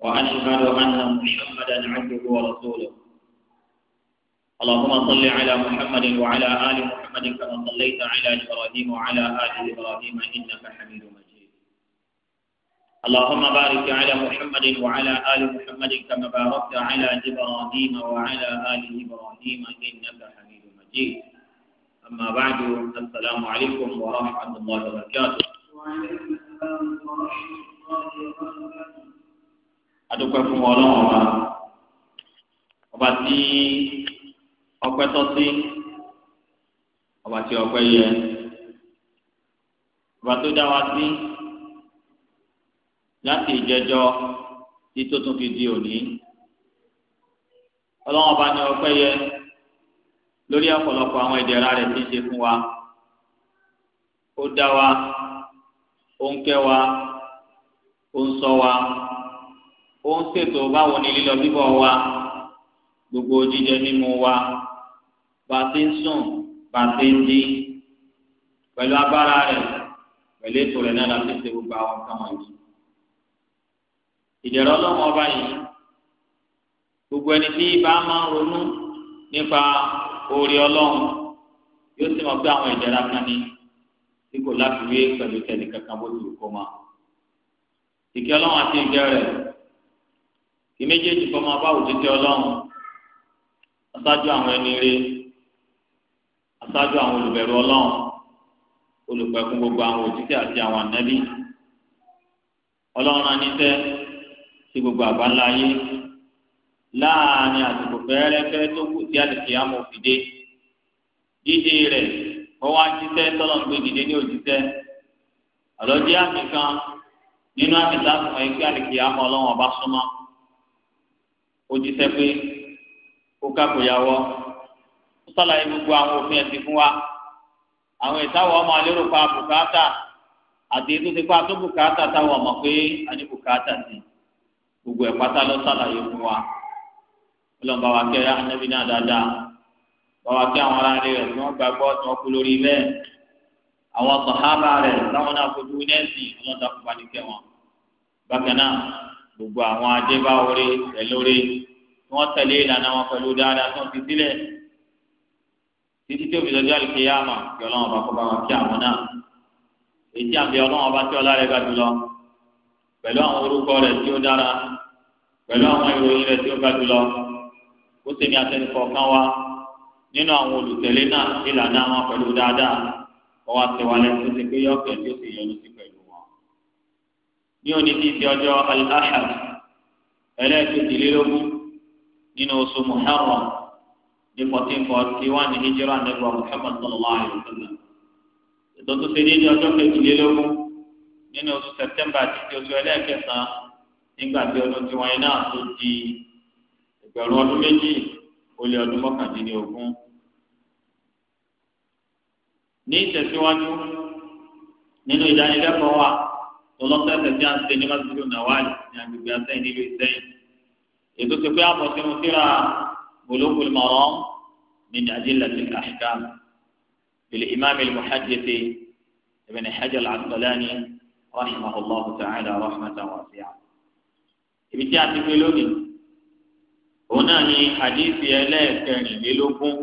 وأشهد أن محمدا عبده ورسوله اللهم صل على محمد وعلى آل محمد كما صليت على إبراهيم وعلى آل إبراهيم إنك حميد مجيد اللهم بارك على محمد وعلى آل محمد كما باركت على إبراهيم وعلى آل إبراهيم إنك حميد مجيد أما بعد السلام عليكم ورحمة الله وبركاته وعليكم السلام ورحمة الله وبركاته adúpẹ́ fún ọlọ́run ọba ọba tí ọpẹ́ tọ́ sí ọba tí ọpẹ́ yẹ ọba tó dá wa sí láti ìjẹjọ tí tó tún fi di òní ọlọ́run ọba ni ọpẹ́ yẹ lórí ọ̀pọ̀lọpọ̀ àwọn ìdẹ̀ra rẹ̀ tí ń ṣe fún wa ó dá wa ó ń kẹ́ wa ó ń ṣọ́ wa ó ń ṣètò báwo ni lílọ bíbọ̀ wa gbogbo jíjẹ mímu wa bá ti ń sùn bá ti ń jí pẹ̀lú agbára rẹ̀ pẹ̀lú ètò rẹ̀ náà láti ṣe gbogbo àwọn nǹkan wọ̀nyí. ìdẹ̀rọ̀ ọlọ́mọ ọba yìí gbogbo ẹni tí ibà máa ń ronú nípa oore ọlọ́run yóò sì mọ̀ pé àwọn ìdẹ̀ra kan ní tí kò láfiwé pẹ̀lú tẹ̀lé kankan bó ti kó ma. ìkẹ́ ọlọ́run àti ìgbẹ́ rẹ̀ kí méjèèjì kọ́ máa bá òtítẹ́ ọlọ́run aṣáájú àwọn ẹni rí aṣáájú àwọn olùbẹ̀rù ọlọ́run olùpẹ̀kun gbogbo àwọn òtítẹ́ àti àwọn ànábì ọlọ́run aníṣẹ́ sí gbogbo àgbáńlá ayé láàrin àsìkò fẹ́ẹ́rẹ́fẹ́ tó kù sí àdìsí àmọ́ òfìdé dídé rẹ̀ ọwọ́ àjíṣẹ́ tọ́lọ̀ ń gbé dìde ní òjíṣẹ́ àlọ́jẹ́ àmì kan nínú àmì láti mọ̀ ẹgbẹ́ àdìsí àmọ́ ọlọ́run ọba súnmọ́ òjíṣẹ́ pé kó kákòyàwó ó sàlàyé gbogbo àwọn òfin ẹ̀sìn fún wa àwọn ìtawọ̀ ọmọ alérò pa bùkátà àti ètò ti pa tó bùkátà táwọn ọmọ pé a ní bùkátà sí gbogbo ẹ̀ pátá lọ sàlàyé fún wa ọlọ́run bá wa kẹ́ anábì náà dáadáa bá wa kẹ́ àwọn ará rẹ̀ tí wọ́n gbàgbọ́ tí wọ́n kú lórí bẹ́ẹ̀ àwọn sàhábà rẹ̀ táwọn náà fojú nẹ́ẹ̀sì ọlọ́dà kúbanikẹ́ wọn bákan náà gbogbo àwọn adébá orí ẹlórí wọn tẹ̀lé ìlànà wọn pẹ̀lú dáadáa tó ń fi sílẹ̀ títí tó fi lọ́jọ́ àlùkìyámà kí ọlọ́run bá kọ́ bá wọn kí àwọn náà èyí àbí ọlọ́run bá tí ọlá rẹ̀ gbà jùlọ pẹ̀lú àwọn orúkọ rẹ̀ tí ó dára pẹ̀lú àwọn ìròyìn rẹ̀ tí ó gbà jùlọ ó sì ní atẹnukọ̀ kan wá nínú àwọn olùtẹ̀lé náà ìlànà wọn pẹ̀lú dáadáa wọn wá tẹ̀wálẹ̀ tó ti pé yọ̀ọ̀kẹ́ tí ó sì yọ̀ ní òní ti di ọjọ́ al-ahad ẹlẹ́ẹ̀kejìlélógún nínú oṣù muharram ní fourteen forty one hijira nígbà muhammad sallallahu alayhi wa sallam ètò tó ṣe déédéé ọjọ́ kejìlélógún nínú oṣù september títí oṣù ẹlẹ́ẹ̀kẹsàn-án nígbà tí ọdún tiwọn yẹn náà tó di ẹgbẹ̀rún ọdún méjì ó lé ọdún mọ́kàndínlógún ní ìtẹ̀síwájú nínú ìdánilẹ́kọ̀ọ́ wa olóńtẹ̀sẹ̀ tí a ń ṣe ní masiru nawali ní agbègbè asẹ́yìn nílùú ìsẹ́yìn ètò ti pé àmọ̀ sínú síra bulugul maram min adillatil ahkam bil imam al muhaddith ibn hajar al asqalani rahimahullahu ta'ala rahmatan wasi'a ibi tí a ti pé lónìí òun náà ni hadith ẹlẹ́ẹ̀kẹrìnlélógún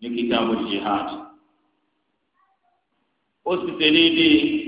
ní kitabul jihad ó sì ṣe déédéé.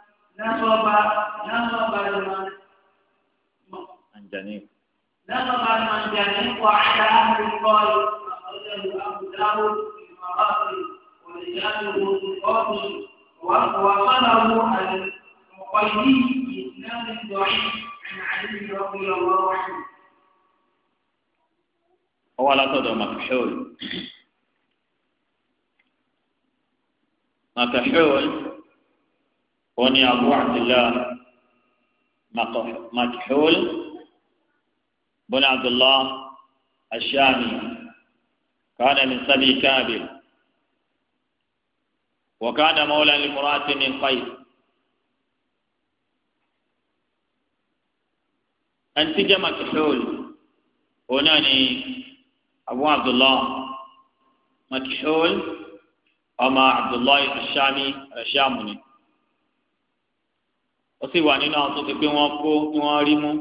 نصب نصب المنجنيق نصب على أهل القول أخرجه أبو داود في مراسل ورجاله القاضي وصله المقيدي بإسناد ضعيف عن علي رضي الله عنه هو على قدر مكحول مكحول هوني أبو عبد الله مكحول بن عبد الله الشامي كان من سبي كابر وكان مولى لمرات من قيس أنتج مكحول هناني أبو عبد الله مكحول أما عبد الله الشامي الشامي ó sì wà nínú àwọn tó ti pé wọ́n kó tí wọ́n rí mú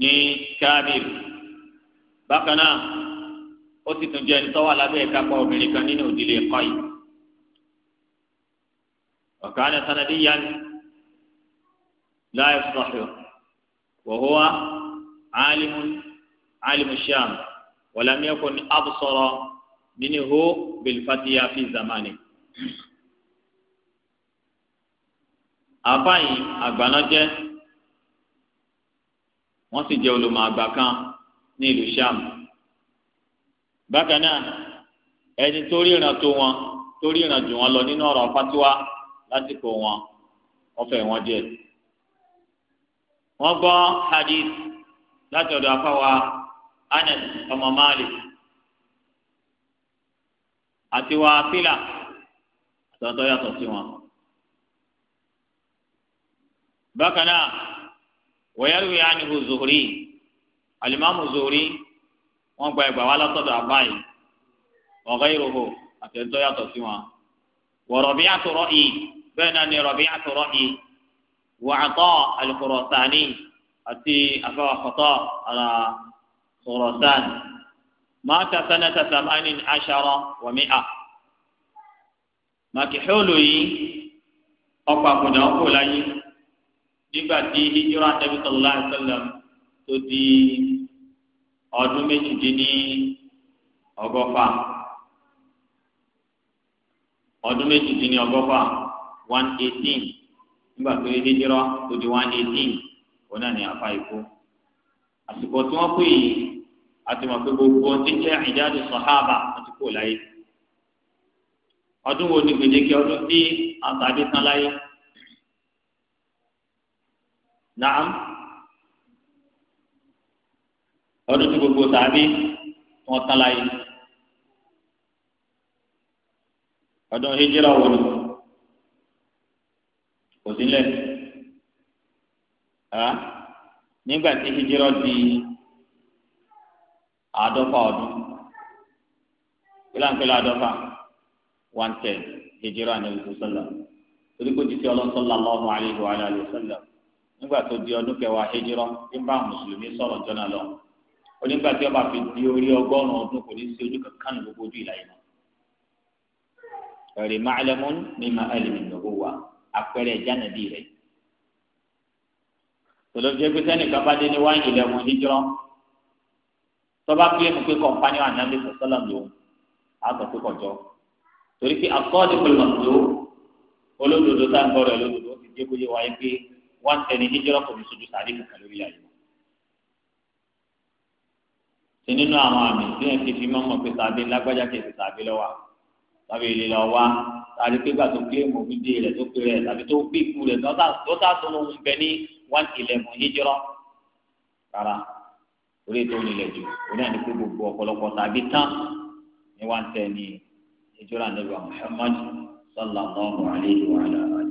ní kadir bákan náà ó sì tún jẹ́ ẹni tó wà lábẹ́ ìkápá obìnrin kan nínú òdìlé ẹ̀kọ́ yìí ọ̀kan ẹ̀ sanadi yan láì sọ̀hìn wọ̀húwa alimu alimu sham wàlámiyẹ́kùn absọ̀rọ̀ minhu bilfatiya fi zamani àfáyín àgbànájẹ́ wọ́n sì jẹ́ olùmọ̀ àgbà kan ní ìlú sham bákan náà ẹni tó ríran tó wọn tó ríran jù wọn lọ nínú ọ̀rọ̀ fatiwa lásìkò wọn ọ̀fẹ́ wọn jẹ wọ́n gbọ́ hadith láti ọ̀dọ̀ afáwa anas ọmọ malik àti wa fila àtọ̀tọ̀ yàtọ̀ sí wọn bákan náà wọ́yẹ́rù yá ni zuhuri alimami zuhuri wọ́n gba ẹgbàá wa látọ̀dọ̀ abáyé ọ̀gá ìròhò àtẹ̀tọ́ yàtọ̀ sí wọn wọ́n rọ̀bí àtọ̀rọ̀ yìí bẹ́ẹ̀ náà ni rọ̀bí àtọ̀rọ̀ yìí wọ́n àtọ̀ alukọ̀rọ̀sánì àti afẹ́wàkọ̀tọ̀ ara kọ̀rọ̀sánì máta sanata samanin aṣara wa mi'a màkìhóòlù yìí ọkọ̀ àkùdà ọkọ̀ láyé nígbà tí hijira nabi sallallahu alaihi wasallam tó di ọdún méjìdínní ọgọ́fà ọdún méjìdínní ọgọ́fà one eighteen nígbà tó hijira tó di one eighteen òun náà ní afa ikú àsìkò tí wọ́n pè yìí àti mọ̀ pé gbogbo ọtí jẹ́ ìjáde sọ̀hábà wọ́n ti láyé ọdún wo ni gbèdéke ọdún tí àtàdé tán láyé nàám ọdún tí gbogbo tàbí wọn tán láyé ọdún hijira wọn kò sílẹ̀ nígbà tí hijira di àádọ́fà ọdún kílánpẹ́lá àádọ́fà one ten hijira ní ìlú sọ́lá torí kò ti fi ọlọ́sọ́lá lọ́wọ́ àlejò àlejò sọ́lá nígbà tó di ọdún kẹwàá hijira tí ń bá mùsùlùmí sọ̀rọ̀ jọ́nà lọ onígbà tí ọba fi di orí ọgọ́rùn-ún ọdún kò ní sí ojú kankan ní gbogbo ojú ìlàyé mọ́. ẹ̀rì ma'lamun mimma alimi nubuwa àpẹẹrẹ ìjánadì rẹ̀. tòlófíẹ́ pé sẹ́nìkan bá dé ní wáyé ìlẹ̀wọ̀n hijira tọ́ba kílẹ̀mù pé kọ̀ǹpánì ànábì sọ̀sọ́lá lòun á sọ pé kọjọ́ torí pé àkọ́ọ̀dẹ́gbẹ̀lọ́dọ́ olódodo wọ́n ń tẹ̀lé hijira kò ní sojú sáré kankan lórí ayé wọn. ṣe nínú àwọn àmì tí ẹ̀ ti fi máa mọ̀ pé sàbí lágbájá kìí ṣe sàbí lọ́wọ́ tàbí ilé lọ wá tàbí pé gbà tó kílé mọ̀ fídíè rẹ̀ tó pé rẹ̀ tàbí tó bí ikú rẹ̀ tó sá tó lóun bẹ ní one eleven hijira rárá orí ètò onílẹ̀ jù oní àná pé gbogbo ọ̀pọ̀lọpọ̀ tàbí tán ní one ten hijira nígbà Muhammad sallallahu alayhi wa sallam.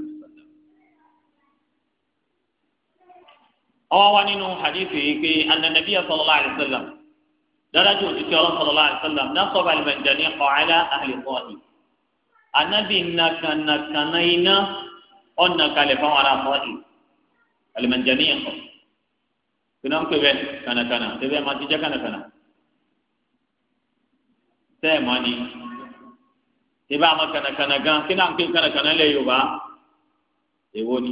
ọwọ́ wa nínú hadith yìí pé ananabi sallallahu alayhi wa sallam dáradì òtítí ọlọ́ sallallahu alayhi wa sallam nasọba alimẹjani ọ̀hálà àhìlẹ́kọ́ọ̀nì anabi nàkànàkànà iná ọ̀nà kalẹ̀ fáwọn ará fọ́ọ̀nì alimẹjani ẹ̀kọ́ kìnnà ń pè bẹ́ẹ̀ kànàkànà tẹ́bẹ́ máa ti jẹ́ kànàkànà tẹ́ẹ̀ mọ́ ni tẹ́bẹ́ àmọ́ kànàkànà gan kí ń pè kànàkànà lẹ́ Yorùbá èwo ni.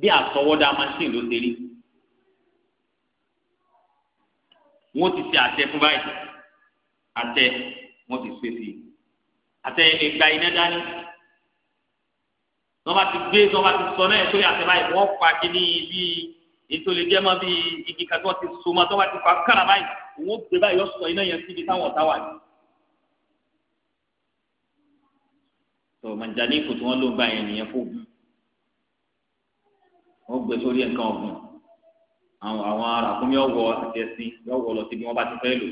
bí àtọwọ́dá machine ló ṣe rí wọ́n ti ṣe àtẹ fún báyìí àtẹ wọ́n ti ṣe sí i àtẹ ìgbà iná dání wọ́n bá ti gbé wọ́n bá ti sọ náà sórí àtẹ báyìí wọ́n fa kíní bíi nítorí jẹ́ mọ́ bíi igi kan tí wọ́n ti so mọ́ tí wọ́n bá ti fa kára báyìí òun gbé báyìí yọ iná yẹn síbi táwọn ọ̀tá wà ní. tó màjá ní ipò tí wọ́n ló ń bá yẹn nìyẹn fún òun wọ́n gbé sórí nǹkan ọ̀gbìn àwọn àwọn arákùnrin ọ̀wọ́ àti ẹṣin yọ̀wọ́ lọ síbi wọ́n bá ti fẹ́ lò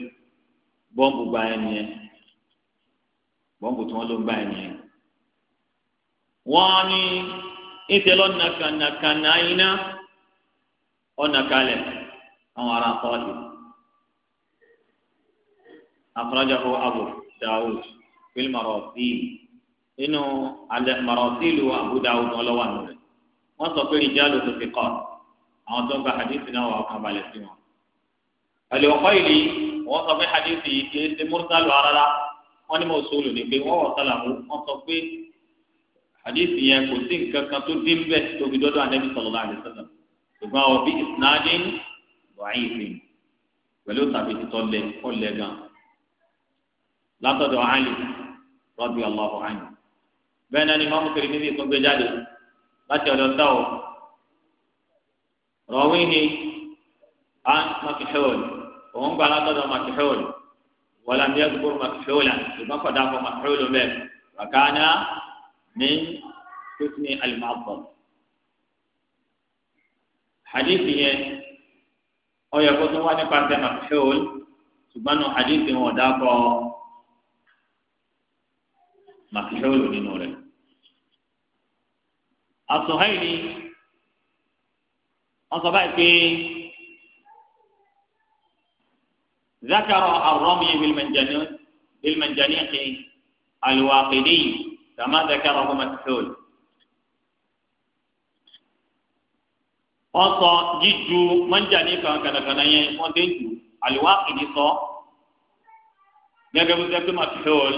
bọ́ǹbù gba ẹni yẹn bọ́ǹbù tí wọ́n ló ń gba ẹni yẹn. wọ́n ní ìtẹ́ lọ́nà kànàkànà iná ọ̀nà kalẹ̀ àwọn ará pọ́ọ̀lì. akhrajahu Abu Daoud, Dawud fil marasil inú alẹ́ marasil wa Abu Daoud wọn lọ́wọ́ àná rẹ̀ wọ́n sọ pé ìjà ló tó fi kọ́ àwọn tó ń gba hadithi náà wà ọkàn balẹ̀ sí wọn. àlẹ́ ọ̀kọ́ ìlú wọ́n sọ pé hadithi yìí kì í ṣe mursalu rárá wọ́n ní mọ̀ọ́sọ́lù ni pé wọ́n wọ̀ sálàmù wọ́n sọ pé hadithi yẹn kò sí nǹkan kan tó dín bẹ́ẹ̀ tó fi dọ́dọ̀ ànábì sallallahu alaihi wasallam ṣùgbọ́n àwọn bí isnadin wàáyé fi pẹ̀lú tàbí títọ́ lẹ ọ̀lẹ́ gan látọ̀dọ̀ Ali radiyallahu anhu bẹ́ẹ̀ náà ni mọ́mú kiri níbi ìtúngbẹ́jáde láti ọ̀dọ̀ táwọ̀ rọ̀wí ni a makihol òun gba látọ̀dọ̀ makihol wọlé ní ẹgbẹ́ makihola ṣùgbọ́n kọ̀dá fún makihol bẹ́ẹ̀ wàkánná ní kúsìnì alimọ́bọ̀. hadithi yẹn ọyọ kó tó wá nípasẹ̀ makihol ṣùgbọ́n nù hadithi wọn ò dákọ̀ makihol nínú rẹ̀ àtúnhẹ́ẹ̀lì wọ́n sọ báyìí pé zakaro arọ́mi bilmanjaniqi alwaqidi kama zakaro matisol. wọ́n sọ jíju manjani kan kànàkànà yẹn wọ́n dé ju alwaqidi sọ gẹ́gẹ́ bí zakaro matisol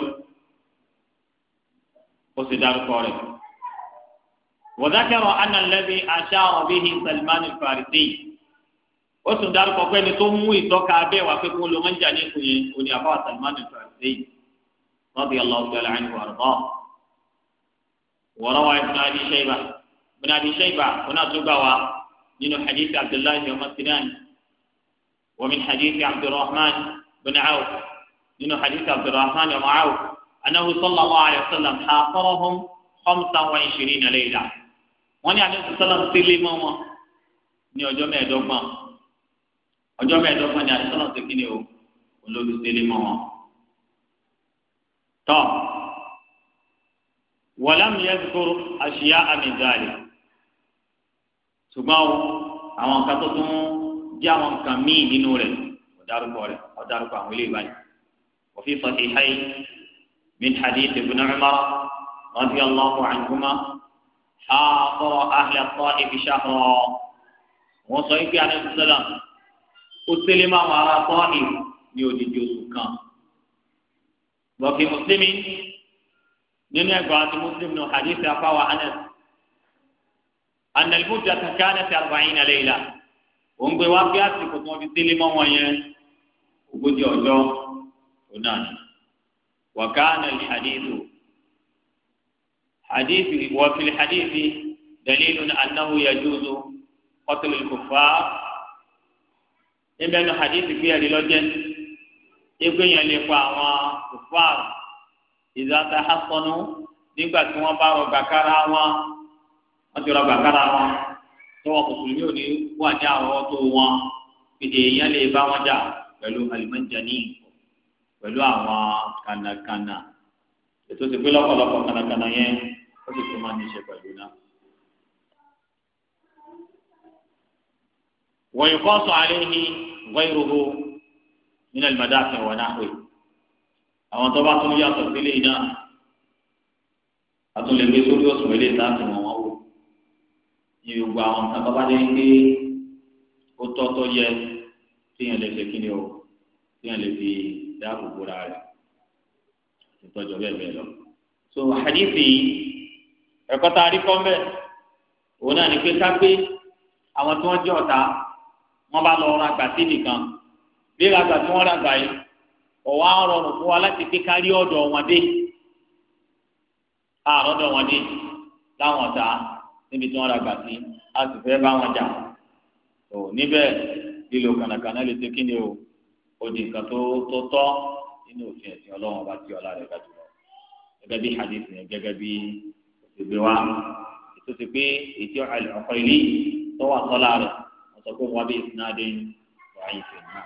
ó sì dárúkọ rẹ̀. وذكر أن الذي أشار به سلمان الفارسي وسندار كوكين تومو يتوكا بي وفكو لمن جاني كوني كوني أبا سلمان الفارسي رضي الله تعالى عنه وأرضاه وروى ابن أبي شيبة ابن أبي شيبة هنا تقوى من حديث عبد الله يوم السنان ومن حديث عبد الرحمن بن عوف من حديث عبد الرحمن بن عوف أنه صلى الله عليه وسلم حاصرهم 25 ليلة wọ́n ní alẹ́ sọ́lá ń tẹ́lẹ̀ mọ́ wọn ní ọjọ́ mẹ́ẹ̀ẹ́dọ́gbọ̀n ọjọ́ mẹ́ẹ̀ẹ́dọ́gbọ̀n ní alẹ́ sọ́lá ń tẹ́kí ni o olórí tẹ́lẹ̀ mọ́ wọn. tọ́ wọ̀lámù yẹn kúrò àṣìyá àmì gàlè ṣùgbọ́n àwọn nǹkan tó tún jẹ́ àwọn nǹkan míì nínú rẹ̀ ọ̀dárúkọ rẹ̀ ọ̀dárúkọ àwọn ilé ìbáyìí وفي صحيحين من حديث ابن عمر رضي الله عنهما أعطى أهل الطائف شهرا وصلى عليه السلام أسلم على طائف يودي كان وفي مسلم نمي يقعد مسلم من حديث أفاوى أنس أن المدة كانت أربعين ليلة ومن واقع في كتب السلم وين وقد يوجو وكان الحديث حديث وفي الحديث دليل أنه يجوز قتل الكفار إبن حديث فيها للوجن يبقى يلقى كفار إذا تحصنوا nígbà tí wọ́n bá rọgbà kára wọn wọ́n ti rọgbà kára wọn tọwọ́ mùsùlùmí ò ní wà ní àwọn tó wọn fìdí èèyàn lè bá wọn jà pẹ̀lú alimẹ́njani pẹ̀lú àwọn kànàkànà ètò ìpínlẹ̀ ọ̀pọ̀lọpọ̀ kànàkànà yẹn ó sì tún máa ní í ṣe pẹ̀lú náà. wọ́n kọ́ sọ àárín ní gbẹ́rùhó nínú ìmọ̀dá àfihàn náà pé àwọn tó bá tún yàtọ̀ sílé náà àtúnlẹ̀ gbé sórí òṣùwọ̀n ilé láti wọ̀n wọ́n wò ní gbogbo àwọn nǹkan bá dé pé ó tọ́ tó yẹ téèyàn lè ṣe kíni o téèyàn lè fi dáàbò bóra rẹ̀ ìtọ́jú bẹ́ẹ̀ bẹ́ẹ̀ lọ. so àdìsí yìí ẹ̀kọ́ tá a rí kọ́ mbẹ́ òun náà ní pé ká pé àwọn tí wọ́n jẹ́ ọ̀tá wọ́n bá lọ ra gbà sí nìkan bí ràgbà tí wọ́n ràgbà yìí ọ̀wá rọrùn fún wa láti pé ká rí ọ̀dọ̀ wọn dé àrọ́dọ̀ wọn dé láwọn ọ̀tá níbi tí wọ́n ràgbà sí a sì fẹ́ bá wọn jà ò níbẹ̀ lílo kànàkànà lè ṣe kí ni o odi nǹkan tó tó tọ́ nínú òfin ẹ̀sìn ọlọ́run ọba tí ọlá rẹ̀ gbàdúrà gẹ́gẹ́ bí hadith yẹn gẹ́gẹ́ bí ìgbé wa ètò ti pé ètò ọkọ ilé tó wà sọ́la rẹ̀ wọ́n sọ pé wọ́n bí ìsinadé wà á yìí fẹ̀ náà.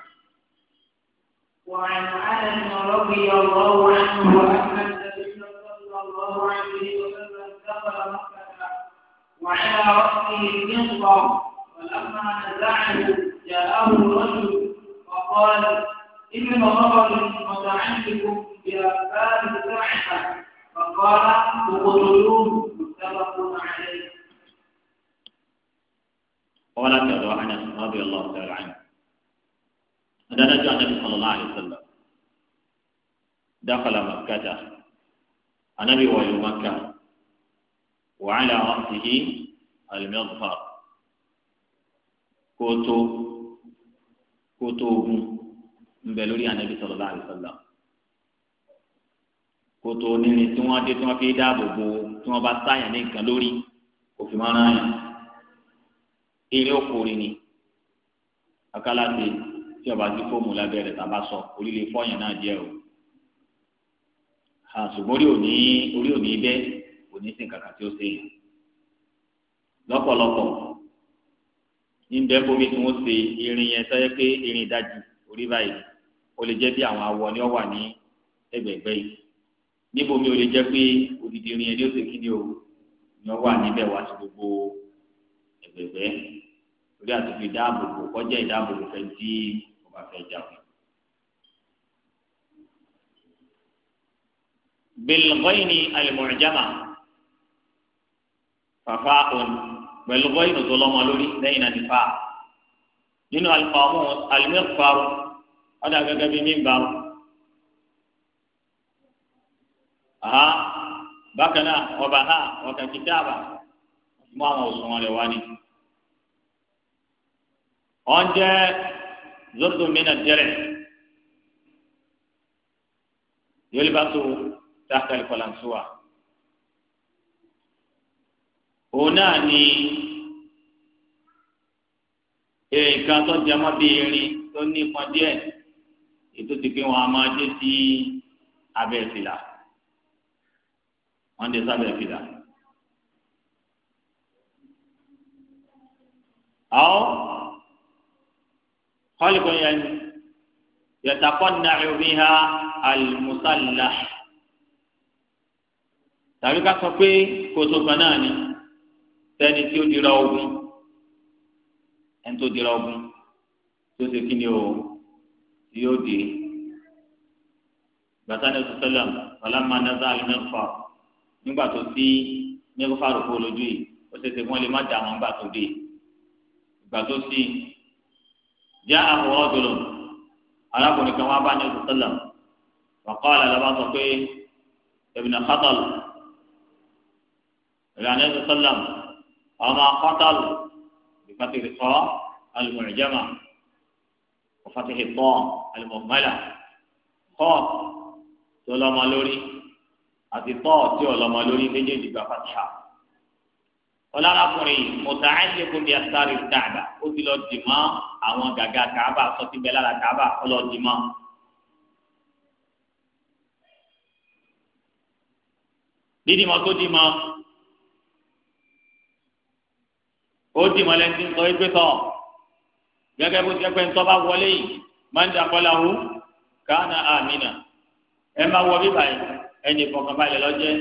وعن انس رضي الله عنه ان النبي صلى الله عليه وسلم دخل مكه وعلى راسه قنطه فلما نزعه جاءه رجل فقال ان غضب متعلق بافعال ساحره فقال اقتلوه متفق عليه قال كذا انس رضي الله تعالى عنه هذا جاء النبي صلى الله عليه وسلم دخل مكة النبي وهي مكة وعلى رأسه المغفر كوتو كوتو بلوري النبي صلى الله عليه وسلم kótó onírin tí wọ́n dé tí wọ́n fi dáàbò bo tí wọ́n bá sáyàn ní nǹkan lórí òfin máa rán yàn eré okòrin ni akálàsì tí ọba ti fóòmù lábẹ́rẹ́ tàbá sọ orílẹ̀ fọ́yàn náà jẹ́ o ṣùgbọ́n orí òní orí òní bẹ́ òní sìn kàkà tí ó ṣe yàn lọ́pọ̀lọpọ̀ níbẹ̀ bómi tí wọ́n ṣe irin yẹn sọ́yẹ́ pé irin ìdajì orí báyìí ó lè jẹ́ bí àwọn awọ ni ó wà ní ẹgbẹ̀gbẹ́ yìí níbo mi ò lè jẹ pé odidi rin ẹni ó sì kí ni o ni wọn wà níbẹ̀ wá sí gbogbo ẹgbẹgbẹ torí àti fi kọjá ìdáàbòbò fẹ tí wọn bá fẹ́ jà fún. bilgọ́ìnì alimọ̀ọ́jámà fàfà òun pẹ̀lú gọ́ìnì tó lọ́mọ lórí lẹ́yìn náà ti fà nínú alimọ̀ọ́mù alimẹ́kọ̀ọ́ ọ̀dà gẹ́gẹ́ bí mímbà. bákan náà ọba ha ọkà kìtàbà mú àwọn òṣùwọ̀n rẹ̀ wá ní. wọ́n jẹ́ zọ́dọ̀ mìíràn jẹ́rẹ̀ yóò lè bá tó tàkàlì kọ̀làǹsùwà. òun náà ni èèkàn tó jẹmọ́ bí irin tó ní ipọn díẹ̀ ètò ti pé wọn a máa dé sí abẹ́ ìfìlà wọ́n dé sábẹ́ fìlà. àwọn kọ́lìkọ́ yẹn yàtàkọ́nà biha al-musallah tàbí ká sọ pé kótó kan náà ni sẹ́ni tí ó dira ogun ẹni tó dira ogun tó ṣe kí ni o yóò di bàtà ní sọsẹlẹm ọlámà nàzà àlùmẹ́fà nígbà tó sí nígbàfàrò kó lójú yìí ó ṣe ṣe wọn lè má dà wọn gbà tó dé ìgbà tó sí já àbúrò ọdọlọ arákùnrin kan wá bá ní ọsùn sọlá wàkọ́ àlàlà bá sọ pé ibn Khatal ìlànà ọsùn sọlá ọmọ Khatal ìfàtí ìfọ́ alùmọ̀rìjẹ́mà ìfàtí ìfọ́ alùmọ̀mọ́là kọ́ tó lọ́mọ lórí àti tọ́ ọtí ọlọmọ lórí méjèèjì gba fatiha ọlọ́lákùnrin mọ̀tà ẹ̀ṣẹ̀kùn bíi asáré dàgbà ó ti lọ dì mọ́ àwọn gàgà kàába sọtí bẹ́ẹ̀ lára kàába ọlọ́dì mọ́. dídì mọ́ tó dì mọ́ ó dì mọ́ lẹ́sí ńsọ ẹgbẹ́ tọ̀ gẹ́gẹ́ bó ti ẹgbẹ́ ńsọ bá wọlé yìí máa ń dàpọ̀ làwù káànà àmìnà ẹ máa wọ bíbáyìí ẹni ìfọkànbalẹ̀ lọ́jẹ́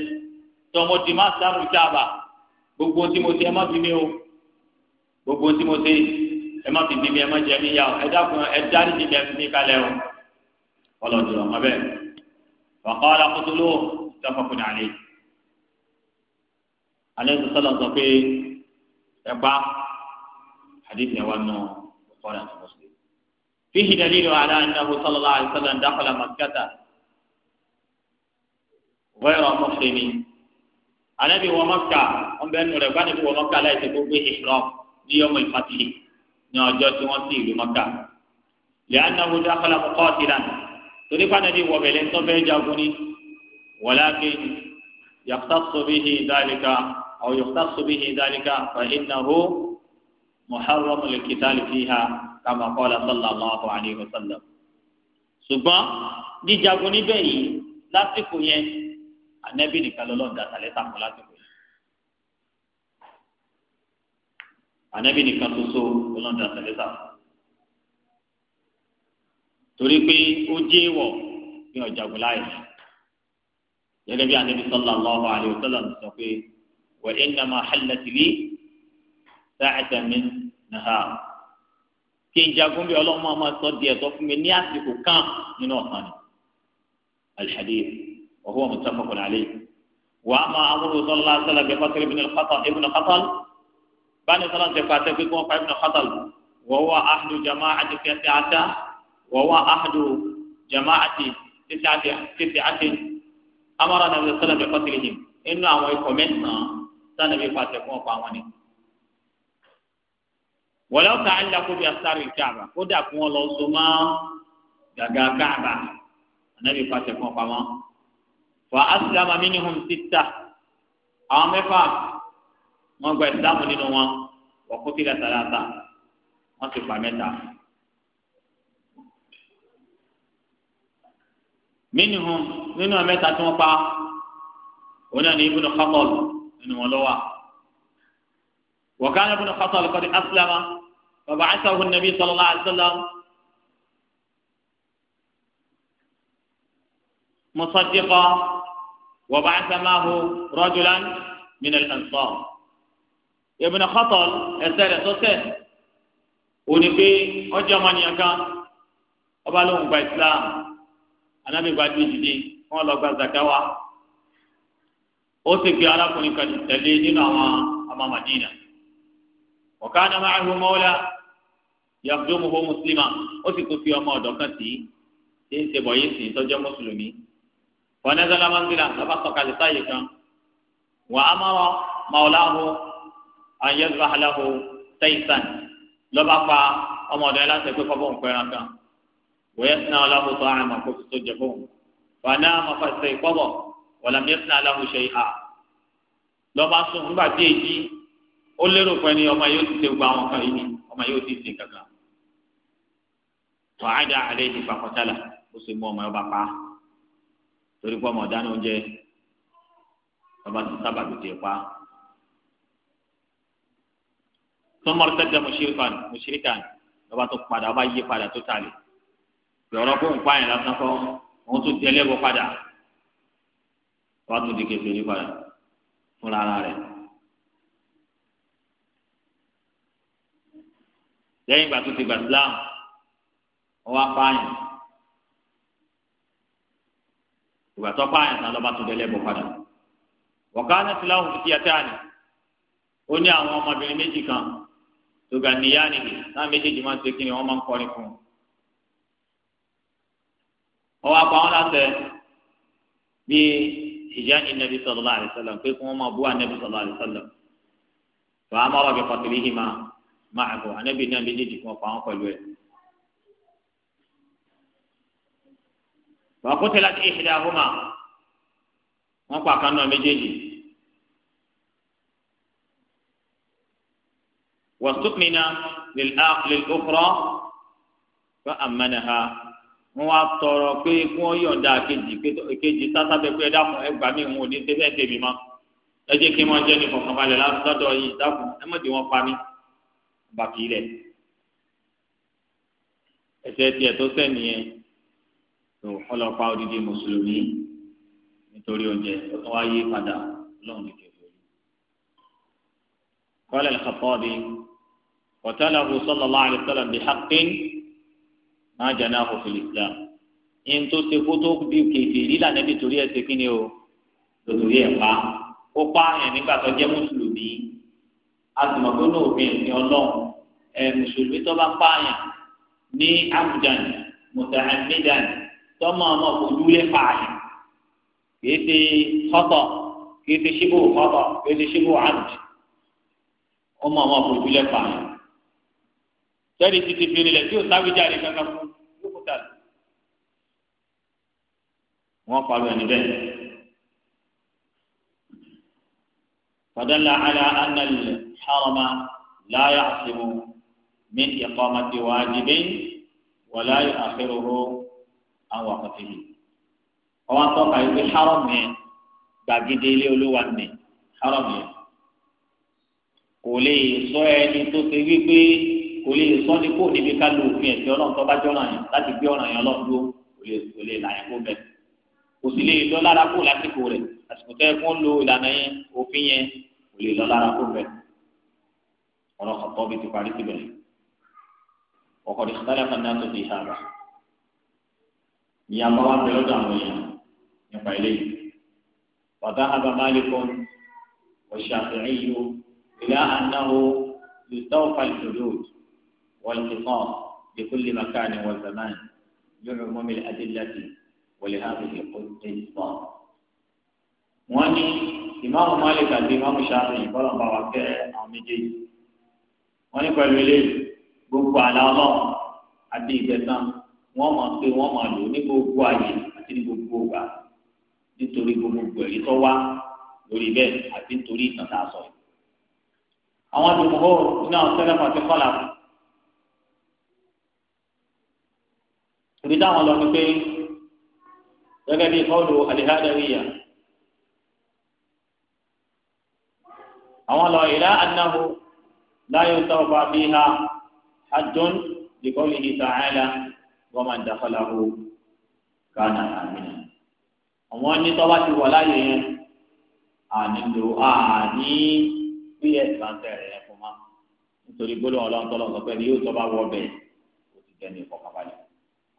tọmọ ti má sáàmù káàbà gbogbo tí mo ti ẹ má fi mí o gbogbo tí mo ti ẹ má fi mímí ẹ má jẹ níyà o ẹ dákun ẹ dárí ti mi ẹ fi mí kalẹ̀ o ọlọ́dì ọmọ bẹ́ẹ̀ wàkọ́ alákótóló ìtọ́fọ́kùn àlè alẹ́ tó sọ́lọ́ sọ pé ẹ pa àdéhùn ẹ wà nù ọ̀rẹ́ àti mùsùlùmí. fíhìdá nínú àlá ìnáwó sọ́lọ́lá àti sọ́lọ́ ń dákọ̀lá màkítà wẹ́rọ mùsùlùmí anabi wọ mọ́kà wọn bẹ nù rẹ̀ bá níbi wọ mọ́kà láìsí gbogbo ìṣòro ní ọmọ ìfàtìlì ní ọjọ́ tí wọ́n ti ìlú mọ́kà lẹ́yìn náà wọ́n dákọ̀lá kọ́kọ́ ti rà torí pàdánù wọ bẹ̀lẹ̀ ń tọ́fẹ́ jagun ni wọ́láàkì yàtọ̀sọ̀bìhì dálíkà ọ̀ yàtọ̀sọ̀bìhì dálíkà fà ìnáwó muharramu likitali fiha kama kọ́lá sallallahu alayhi wa anẹ́bí nìkan lọ́lọ́run dá sàlẹ́sà fún lásìkò yìí anẹ́bí nìkan tó so lọ́lọ́run dá sàlẹ́sà fún torí pé ó jẹ́ ìwọ̀ ní ọ̀jàgùn láyé gẹ́gẹ́ bí anẹ́bí sallallahu alaihi wasallam sọ pé wa innama hallat li sa'atan min nahar kí n jagun bí ọlọ́mọ máa sọ díẹ̀ tó fún mi ní àsìkò kan nínú ọ̀sán ni alhadith. وهو متفق عليه وأما أمره صلى الله عليه وسلم بقتل ابن الخطل ابن خطل بعد صلاة فاتح بكم ابن خطل وهو أحد جماعة تسعة وهو أحد جماعة تسعة تسعة أمر النبي صلى الله عليه وسلم بقتلهم إنه أمر يكملنا سنبي فاتح بكم فاهمني wọlé ọkà alilakó bi asáré káàbà kódà kó wọn lọ so má gàgà káàbà وأسلم منهم ستة أمفا ما قد سلم لنوا وقتل ثلاثة ما سوف أمتا منهم من أمتا توقع هنا ابن خطل من ولوا وكان ابن خطل قد أسلم فبعثه النبي صلى الله عليه وسلم مصدقا وبعث معه رجلا من الأنصار ابن خطل أسأل سوسة ونبي أجمعني أكا أبالهم بإسلام أنا بقعد جدي wọ́n lọ gba zaka wa ó sì gbé arákùnrin kan tẹ̀lé nínú àwọn ọmọ Madina ọ̀ká ni wọ́n ahu mọ́wọ́lá yàtọ̀ mọ́wọ́ mùsùlùmá ó sì kó fi ọmọ ọ̀dọ́ kan tì í ṣe ń ṣe bọ̀yé sí tọ́jọ́ mùsùlùmí wọn ẹsẹ lamangila lọba sọ̀kalẹ̀ sáyé kan wà á máa màwùláhu ayélujáfàláhu tẹ̀sán lọba pa ọmọdé aláṣẹ pé kọ́ bóun pẹ́ran kan wọ́yẹ sinna aláhu tó àrùn àkó fi tó jẹ fóun fàánà àmàfàṣẹ ìkọ́bọ̀ wọ̀làmí ẹ̀ sinna aláhu ṣe ìhà lọba sùn nígbà tí èyí ó lérò pé ni ọmọ yóò ti ṣe gba àwọn kan yìí ọmọ yóò ti ṣe kankan wàá dá àlẹ́ ìdìbò àkọ́tàlà ó sì mú ọmọ yóò bá pa á torí pé ọmọ ọ̀dáná oúnjẹ bàbá ti sábà lòdì pa. sọmọ sẹtẹ mùsírìkàn bàbá tó padà ọba yí padà tó tàlẹ̀ bẹ̀rọ̀ kó ń pààyàn lásán kọ́ wọn tún tẹ ẹlẹ́bọ̀ padà wọn tún di kẹfẹ́ yí padà fúnra ara rẹ̀. lẹ́yìn ìgbà tó ti gbà sílámù wọn wá pààyàn. ìgbà tó pààyàn tán lọ́ba tó délé bọ̀ padà wọ̀ká ní tìláwù fi tiẹ̀ tẹ́ àná ó ní àwọn ọmọbìnrin méjì kan tó ga níyà nìyí náà méjèèjì máa ń ṣe kíni wọ́n máa ń kọrin fún un ọwọ́ apá wọn láṣẹ bí ìyá ìnàbí sallallahu alaihi wasallam pé kí wọ́n máa bú ànàbí sallallahu alaihi wasallam fàámọ́ ọ̀rọ̀ bí pàtìlì yìí máa máa àgọ́ ànàbí náà méjèèjì kan pa wọn pẹ̀lú ẹ̀. wa qutilat ihdahuma wọ́n pa kan náà méjèèjì wastumina lil-ukhra fa amanaha wọ́n wá tọrọ pé kí wọ́n yọ̀ǹda kejì kejì sásábẹ pé ẹ̀dá fún ẹgbàá mi òun ò ní tẹsẹ tèmi mọ́ ẹ jẹ́ kí wọ́n jẹ ní fọkànbalẹ̀ lọ́dọ̀ yìí dákun ẹ mọ̀ jẹ́ pa mí bàbí rẹ ẹsẹ tiẹ̀ tó sẹ nìyẹn tó ọlọ́pàá odidi mùsùlùmí nítorí oúnjẹ ó tún wá yí padà lọ́hùn nìkẹ́ lórí. قال الخطابي قتله صلى الله عليه وسلم بحق ما جناه في الإسلام in tó ṣe kó tó bí kèfèrí là Nábì torí ẹ̀ ṣe kí ni o lòtòrí ẹ̀ pa ó pa yẹn nígbà tó jẹ́ mùsùlùmí a sì mọ̀ pé ọlọ́run ẹ̀ mùsùlùmí tó bá pa yẹn ní abudan tọ́mọ ọmọ kojú lé fààyè kìí ṣe kọ́tọ̀ kìí ṣe ṣíbù kọ́tọ̀ kìí ṣe ṣíbù àdùn ọmọ ọmọ kojú lé fààyè sẹ́ni títí fi rinlẹ̀ tí o sáwìjáde kankan fún yókùtà wọ́n palu ẹni bẹ́ẹ̀. فدل على أن الحرم لا يعصم من إقامة واجب ولا يؤخره àwọn àkọsílẹ̀ ọwọ́ atọ́ka yìí pé haram yẹn gbàgede ilé olówó ni haram yẹn kò lè sọ ẹni tó ṣe wípé kò lè sọ ní kó níbi ká lo òfin ẹ̀sìn ọlọ́run tó bá jẹ́ ọ̀ràn yẹn láti gbé ọ̀ràn yẹn lọ́dún kò lè là yẹn kó bẹ̀ kò sì lè lọ lára kó lásìkò rẹ̀ àsìkò tẹ́ kó lo ìlànà yẹn òfin yẹn kò lè lọ lára kó bẹ̀ ọ̀rọ̀ kọ̀ọ̀tọ́ bí ti parí síbẹ̀ ọkọ̀ ìyàpá wa bẹ lọ́dọ̀ àwọn èèyàn nípa eléyìí bàbá abamálékún ọ̀ṣàfihàn ìlà ànáwó lùtọ́ọ̀fà ìṣòlóòd wọ́lùtìkọ́ lèkúlè makáni wọ́zàmán lórí mọ́mìlì adélàtì wọlé hàbìlì ọ̀dẹ́ ìfọ̀. wọ́n ní ìmáàmù malik àti ìmáàmù sàfihàn bọ́lọ̀ bá wà fẹ́ àwọn méjèèjì. wọ́n ní pẹ̀lú eléyìí gbogbo àlá àti ìgbẹ̀sán wọ́n máa pé wọ́n máa lò ní gbogbo ààyè àti ní gbogbo ìgbà nítorí gbogbo ẹ̀rí tó wá lórí bẹ́ẹ̀ àti nítorí ìtàn tá a sọ yìí. àwọn àdùnkò iná ọ̀sẹ̀lẹ̀ pàṣẹ kọ́là ibi táwọn lọ ni pé gẹ́gẹ́ bí kọ́ọ̀lù alihadariya àwọn lọ ìlà annahu láyé sọ̀rọ̀ bá fi ha hajjọ́n lè kọ́ọ̀lù yìí sàn wọ́n máa ń dàkọ́lá o gánà àmìnà àwọn ní tọ́wá ti wà láàyè yẹn ànílò àní bí ẹ̀sán tẹ̀rẹ̀ yẹn fún ma nítorí gbólóhùn ọlọ́run tọ́lọ́ sọ pé ní yóò tọ́ba wọ bẹ́ẹ̀ o ti jẹ́ ní ìfọkànbalẹ̀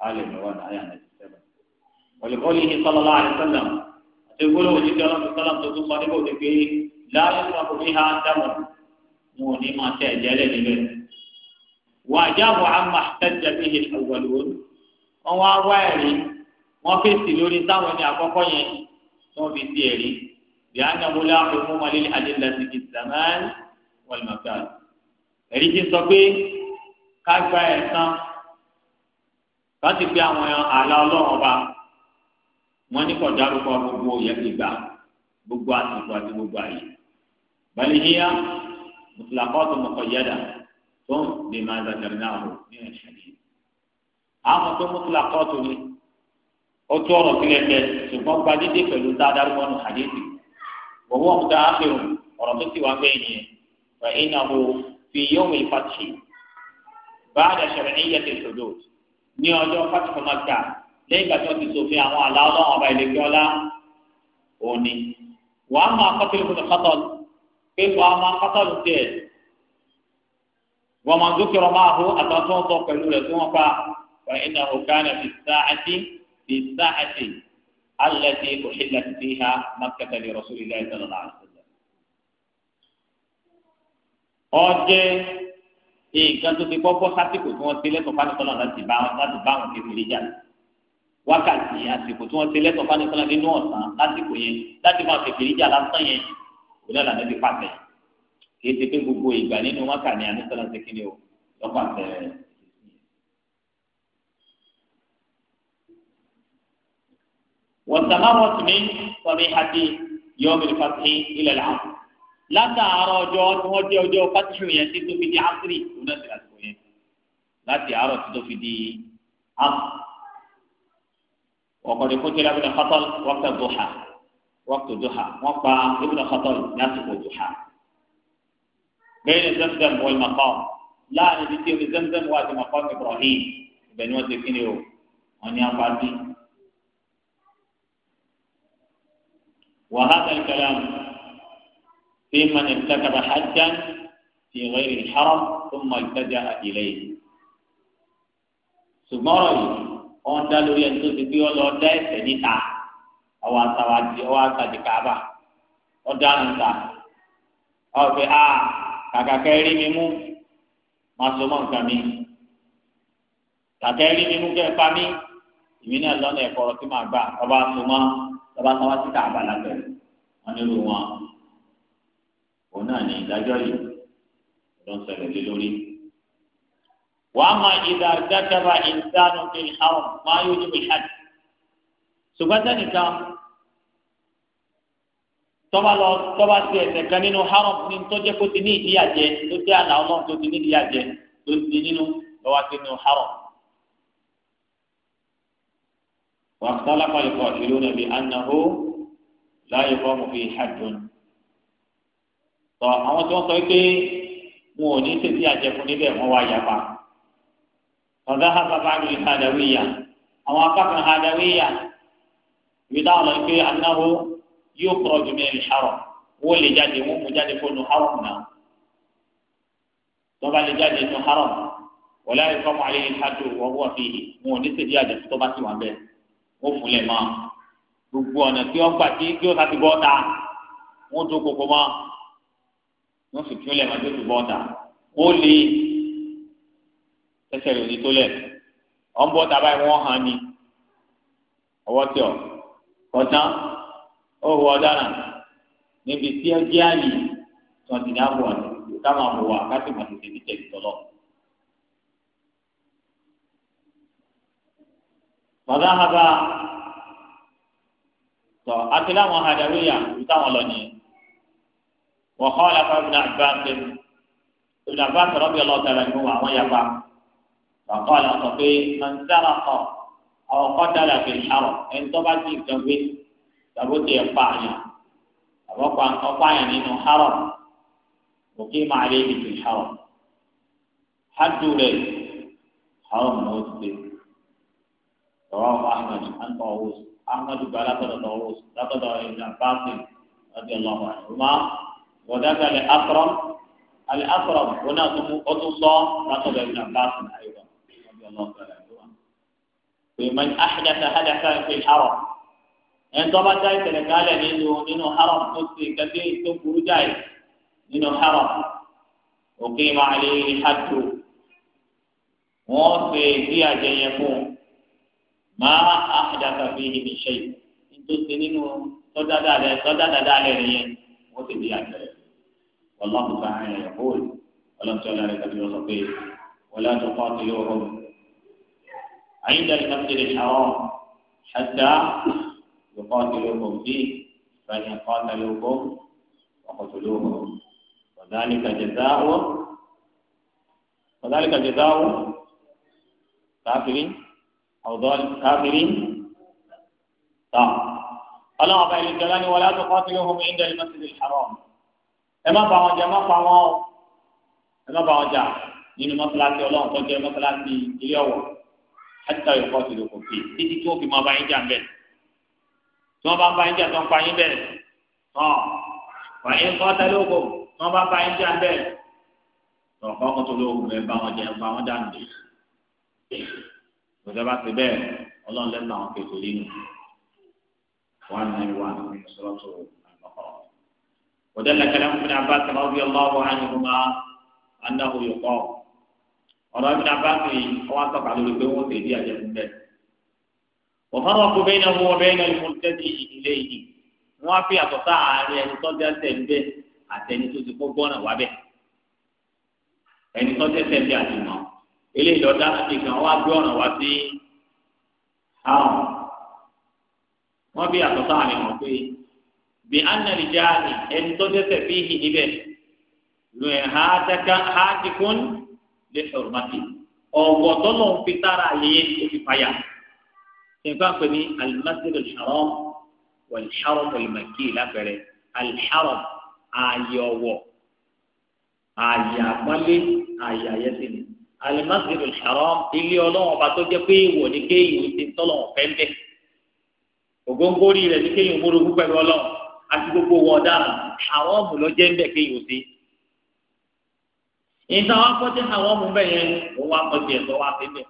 alẹ́ mi wà náà yà náà ti sẹ́lẹ̀ ọ̀lẹ́kọ́lì ní sọlọ́lá àti àti gbólóhùn ní kẹ́lọ́ ti sẹ́lẹ̀ wọ́n wá wá ẹ̀rí wọ́n fèsì lórí táwọn ẹni àkọ́kọ́ yẹn tí wọ́n fi sí ẹ̀rí ìyáàna mo lé àpò fún malé àdéhùn àti ìsàmán wàlùmọ̀tà ẹ̀rí ti sọ pé ká gba ẹ̀san láti pé àwọn àlá ọlọ́run ọba wọn ní kọ̀ dárúkọ gbogbo ìgbà gbogbo àsìkò àti gbogbo àyè balẹ̀híyá mùsùlùmọ́tò mọ̀kọ́ yẹ́dà tó ń lè máa zàkàrì náà ní ẹ̀ṣẹ̀ yìí àmọ́ pé mọ́tòlá kọ́ọ̀tù ni ó tó ọ̀rọ̀ sílẹ̀ tẹ ṣùgbọ́n gba dídé pẹ̀lú dáadáa wọnú àdéhùn bọ̀wọ́ ọ̀dà àfẹ́rù ọ̀rọ̀ tó ti wá bẹ́ẹ̀ yẹn wà iná wo fi yóò mi fàtì báàdà ṣẹlẹ̀ ní yẹtẹ̀ sọ̀dọ̀ ní ọjọ́ fàtì fọmọ́ta lẹ́yìn ìgbà tí wọ́n ti ṣòfin àwọn àlá ọba ìlẹ́gbẹ́ ọlá òní wàá máa kọ́tẹ́lù fún mi pé wàá máa kọ́tọ́lù tiẹ̀ wọ́n máa dúkìrọ̀ máa hó àtàwọn فإنه كان في الساعة في الساعة التي أحلت فيها مكة لرسول الله صلى الله عليه وسلم ọjẹ nǹkan tó ti kọ́kọ́ sásìkò tí wọ́n ti lẹ́tọ̀ fánisọ́nà láti bá wọn láti bá wọn kékeré jà wákàtí àsìkò tí wọ́n ti lẹ́tọ̀ fánisọ́nà nínú ọ̀sán lásìkò yẹn láti bá wọn kékeré jà lásán yẹn òun náà lànà ti pàtẹ kì í ti pé gbogbo ìgbà nínú wákàtí àníṣọ́nà ti kíni o lọ́pàá tẹ̀lé rẹ̀. والتمرد من صريحة يوم الفتح إلى العصر لا ترى جوات موجي وجو فتح يسيط في دي عصري ونزل الكوين لا ترى تدو في دي عصر وقد قتل ابن خطل وقت الضحى وقت الضحى وقع ابن خطل نصف الضحى بين زمزم والمقام لا نجد في زمزم وقت مقام ابراهيم بين وزن كينيو ونيام بعدين وهذا الكلام في من ارتكب حجا في غير الحرم ثم التجأ إليه ṣùgbọ́n ọ̀rọ̀ yìí wọ́n dá lórí ẹni tó ti pé ọlọ́ dá ẹsẹ̀ níta ọwọ́ àtàwádìí ọwọ́ àtàdì káàbà ọ̀dà níta ọ̀fẹ́ a kàkà kẹ́rí mi mú máa so mọ́ nǹkan mi kàkà rí mi mú kẹ́ pa mí ìmí náà lọ́nà ẹ̀kọ́ tí màá gbà ọba so mọ́ ọba sáwá sí káàbà lábẹ́rẹ́ wọn nílò wọn òun náà ní ìdájọ́ yìí ló ń ṣẹlẹ̀ lé lórí. wàá ma ìdá dákẹ́bà ìdánù fi àwọn máa yóò níbi ìhàdì. ṣùgbọ́n sẹ́nìkan tọ́ba lọ tọ́ba sí ẹ̀ṣẹ̀ kan nínú haram ní tọ́jẹ́ kó ti ní ìdíyàjẹ tó jẹ́ àná ọlọ́run tó ti ní ìdíyàjẹ tó ti nínú lọ́wọ́ sí nínú haram. wàá sálá pàlùkọ̀ ìlú nàbí ànáhó láyé fọ́ọ̀mù fi hajjun tọ àwọn tí wọ́n sọ pé wọn ò ní tètè àjẹkùn níbẹ̀ wọ́n wá yapa ọ̀gá àbábá mi hadawiya àwọn apákan hadawiya ìwé táwọn lọ pé anáwó yóò kúrọ̀ jù mí ìṣàrọ̀ wọ́n lè jáde wọ́n mú jáde fóònù haram náà tọ́ba lè jáde nù haram wọ́n láyé fọ́ọ̀mù àlẹ́ ìhàjò wọ́n wọ́n fi wọn ò ní tètè àjẹkùn tọ́ba ti wà bẹ́ẹ̀ wọ́n fún lẹ̀ máa gbogbo ọ̀nà tí wọ́n gbà tí kí wọ́n sá ti bọ́ ta wọ́n tó koko mọ́ wọ́n sì tún lẹ̀ wọ́n tó ti bọ́ ta ó lé ẹsẹ̀ rẹ̀ ní tó lẹ̀ wọ́n bọ́ ta báyìí wọ́n hàn ní ọwọ́ tí ọ kọ̀tán ó wọ ọ̀daràn níbi tí ó jẹ́ àyè tí wọ́n ti ní àbọ̀ táwọn àbọ̀ wà káṣí màtí ti ní tẹ̀lé tọ́lọ́. فذهب tọ́ àti láwọn hadaríyà táwọn lọ nìyẹn wọ́n kọ́ lápá ibùdó àgbáńtẹ́ ibùdó àgbáńtẹ́ rọ́bì ọlọ́ọ̀tà rẹ̀ nínú àwọn yàgbá bàbá la sọ pé mọ̀nsára kọ ọkọ̀ dára fi ṣàrọ̀ ẹni tó bá ti nǹkan gbé tàbó tiẹ̀ pa àyàn tàbó pa nǹkan pa àyàn nínú ṣàrọ̀ òkè máa lé ibi fi ṣàrọ̀ hadu rẹ̀ ṣàrọ̀ mọ̀ ó ti dé. رواه أحمد أحمد قال لقد طاووس لقد ابن عباس رضي الله عنهما وذاك لأكرم الأكرم هنا أتصى لقد ابن عباس أيضا رضي الله تعالى عنهما ومن أحدث حدثا في الحرم ẹn tó bá قال tẹ́lẹ̀ kálẹ̀ nínú nínú haram tó ti حرم tó عليه jáì nínú في òkè máa máa àdàkà fi ìhìn ìṣe yìí nítorí nínú tọ́jà dáadáa rẹ̀ yẹn wọ́n ti di àjẹrẹ̀ wàlláhu ta'ala yẹ kóòlù ọlọ́mọdé ọlọ́rẹ̀ kàbí lọ́sọ̀ pé wọlé àtúkọ́ ti yọ ọ́ عند المسجد الحرام حتى يقاتلوكم فيه فإن قاتلوكم فقتلوهم وذلك جزاء وذلك جزاء كافرين ọ̀dọ́ káfírí tọ́ ọlọ́run ọba ìlẹ̀jọ́lá ni wọ́n látò kọ́tìlẹ̀ ohun ìdá ìmọ̀sílẹ̀ haram ẹ má bá wọn jà má pa wọn ẹ má bá wọn jà nínú mọ́sálásí ọlọ́run tó jẹ́ mọ́sálásí ilé ọ̀wọ̀ àtìkà yóò kọ́tìlẹ̀ kò fi títí tí wọ́n fi máa bá yín jà ń bẹ̀ tí wọ́n bá ń bá yín jà tó ń pa yín bẹ̀ tọ́ wà á yín kọ́tẹ́lẹ̀ ogun tí wọ́n bá ń bá yín jà ń bẹ̀ tọ́ kọ́kọ́tọ̀lẹ̀ ogun rẹ̀ bá wọn jẹ ìjọba ti bẹ́ẹ̀ ọlọ́run lẹ́nu àwọn kejì lẹ́nu one nine one sọ̀rọ̀ tó àgbàkọ́. ودل كلام ابن عباس رضي الله عنهما أنه يقال ọ̀rọ̀ ibi náà bá fi ọwọ́ àtọ́kà lórí pé wọ́n tẹ̀lé àjẹkùn bẹ́ẹ̀. وفرقوا بينه وبين المرتدي إليه wọ́n á fi àtọ̀tà àárín ẹni tó dé tẹ̀ ń bẹ́ àtẹni tó ti kó gbọ́nà wá bẹ́ẹ̀ ẹni tó dé tẹ̀ ń bẹ́ àti eléyìí lọ́dá ti gan wá gbé ọ̀nà wá sí àwọn wọ́n bí àtọ̀tọ̀ àmì wọn pé bí anàlì já ni ẹni tó dẹ́ṣẹ̀ fi hì níbẹ̀ lù ẹ̀ ha dẹ́ka ha ti kún lè sọ̀rọ̀ màtì ọ̀wọ̀ tó lọ fi tára yẹyẹ tó e, fi fàyà nǹkan pè ní alimásírì haram wàlí haram wàlí màkì lábẹ́rẹ́ aliharam ààyè ọ̀wọ̀ ààyè ni. alimasiru haram ilé ọlọ́run ọba tó jẹ́ pé ìwọ ni kéèyàn ti tọ́lọ́run fẹ́ńdẹ́ ògóńgóri rẹ̀ ni kéèyàn múrogún pẹ̀lú ọlọ́run àti gbogbo wọn dára àwọn ọmọ lọ jẹ́ ń bẹ́ kéèyàn sí. ìta wa kọ́ jẹ́ àwọn ọmọ bẹ́ẹ̀ yẹn kọ́ bẹ́ẹ̀.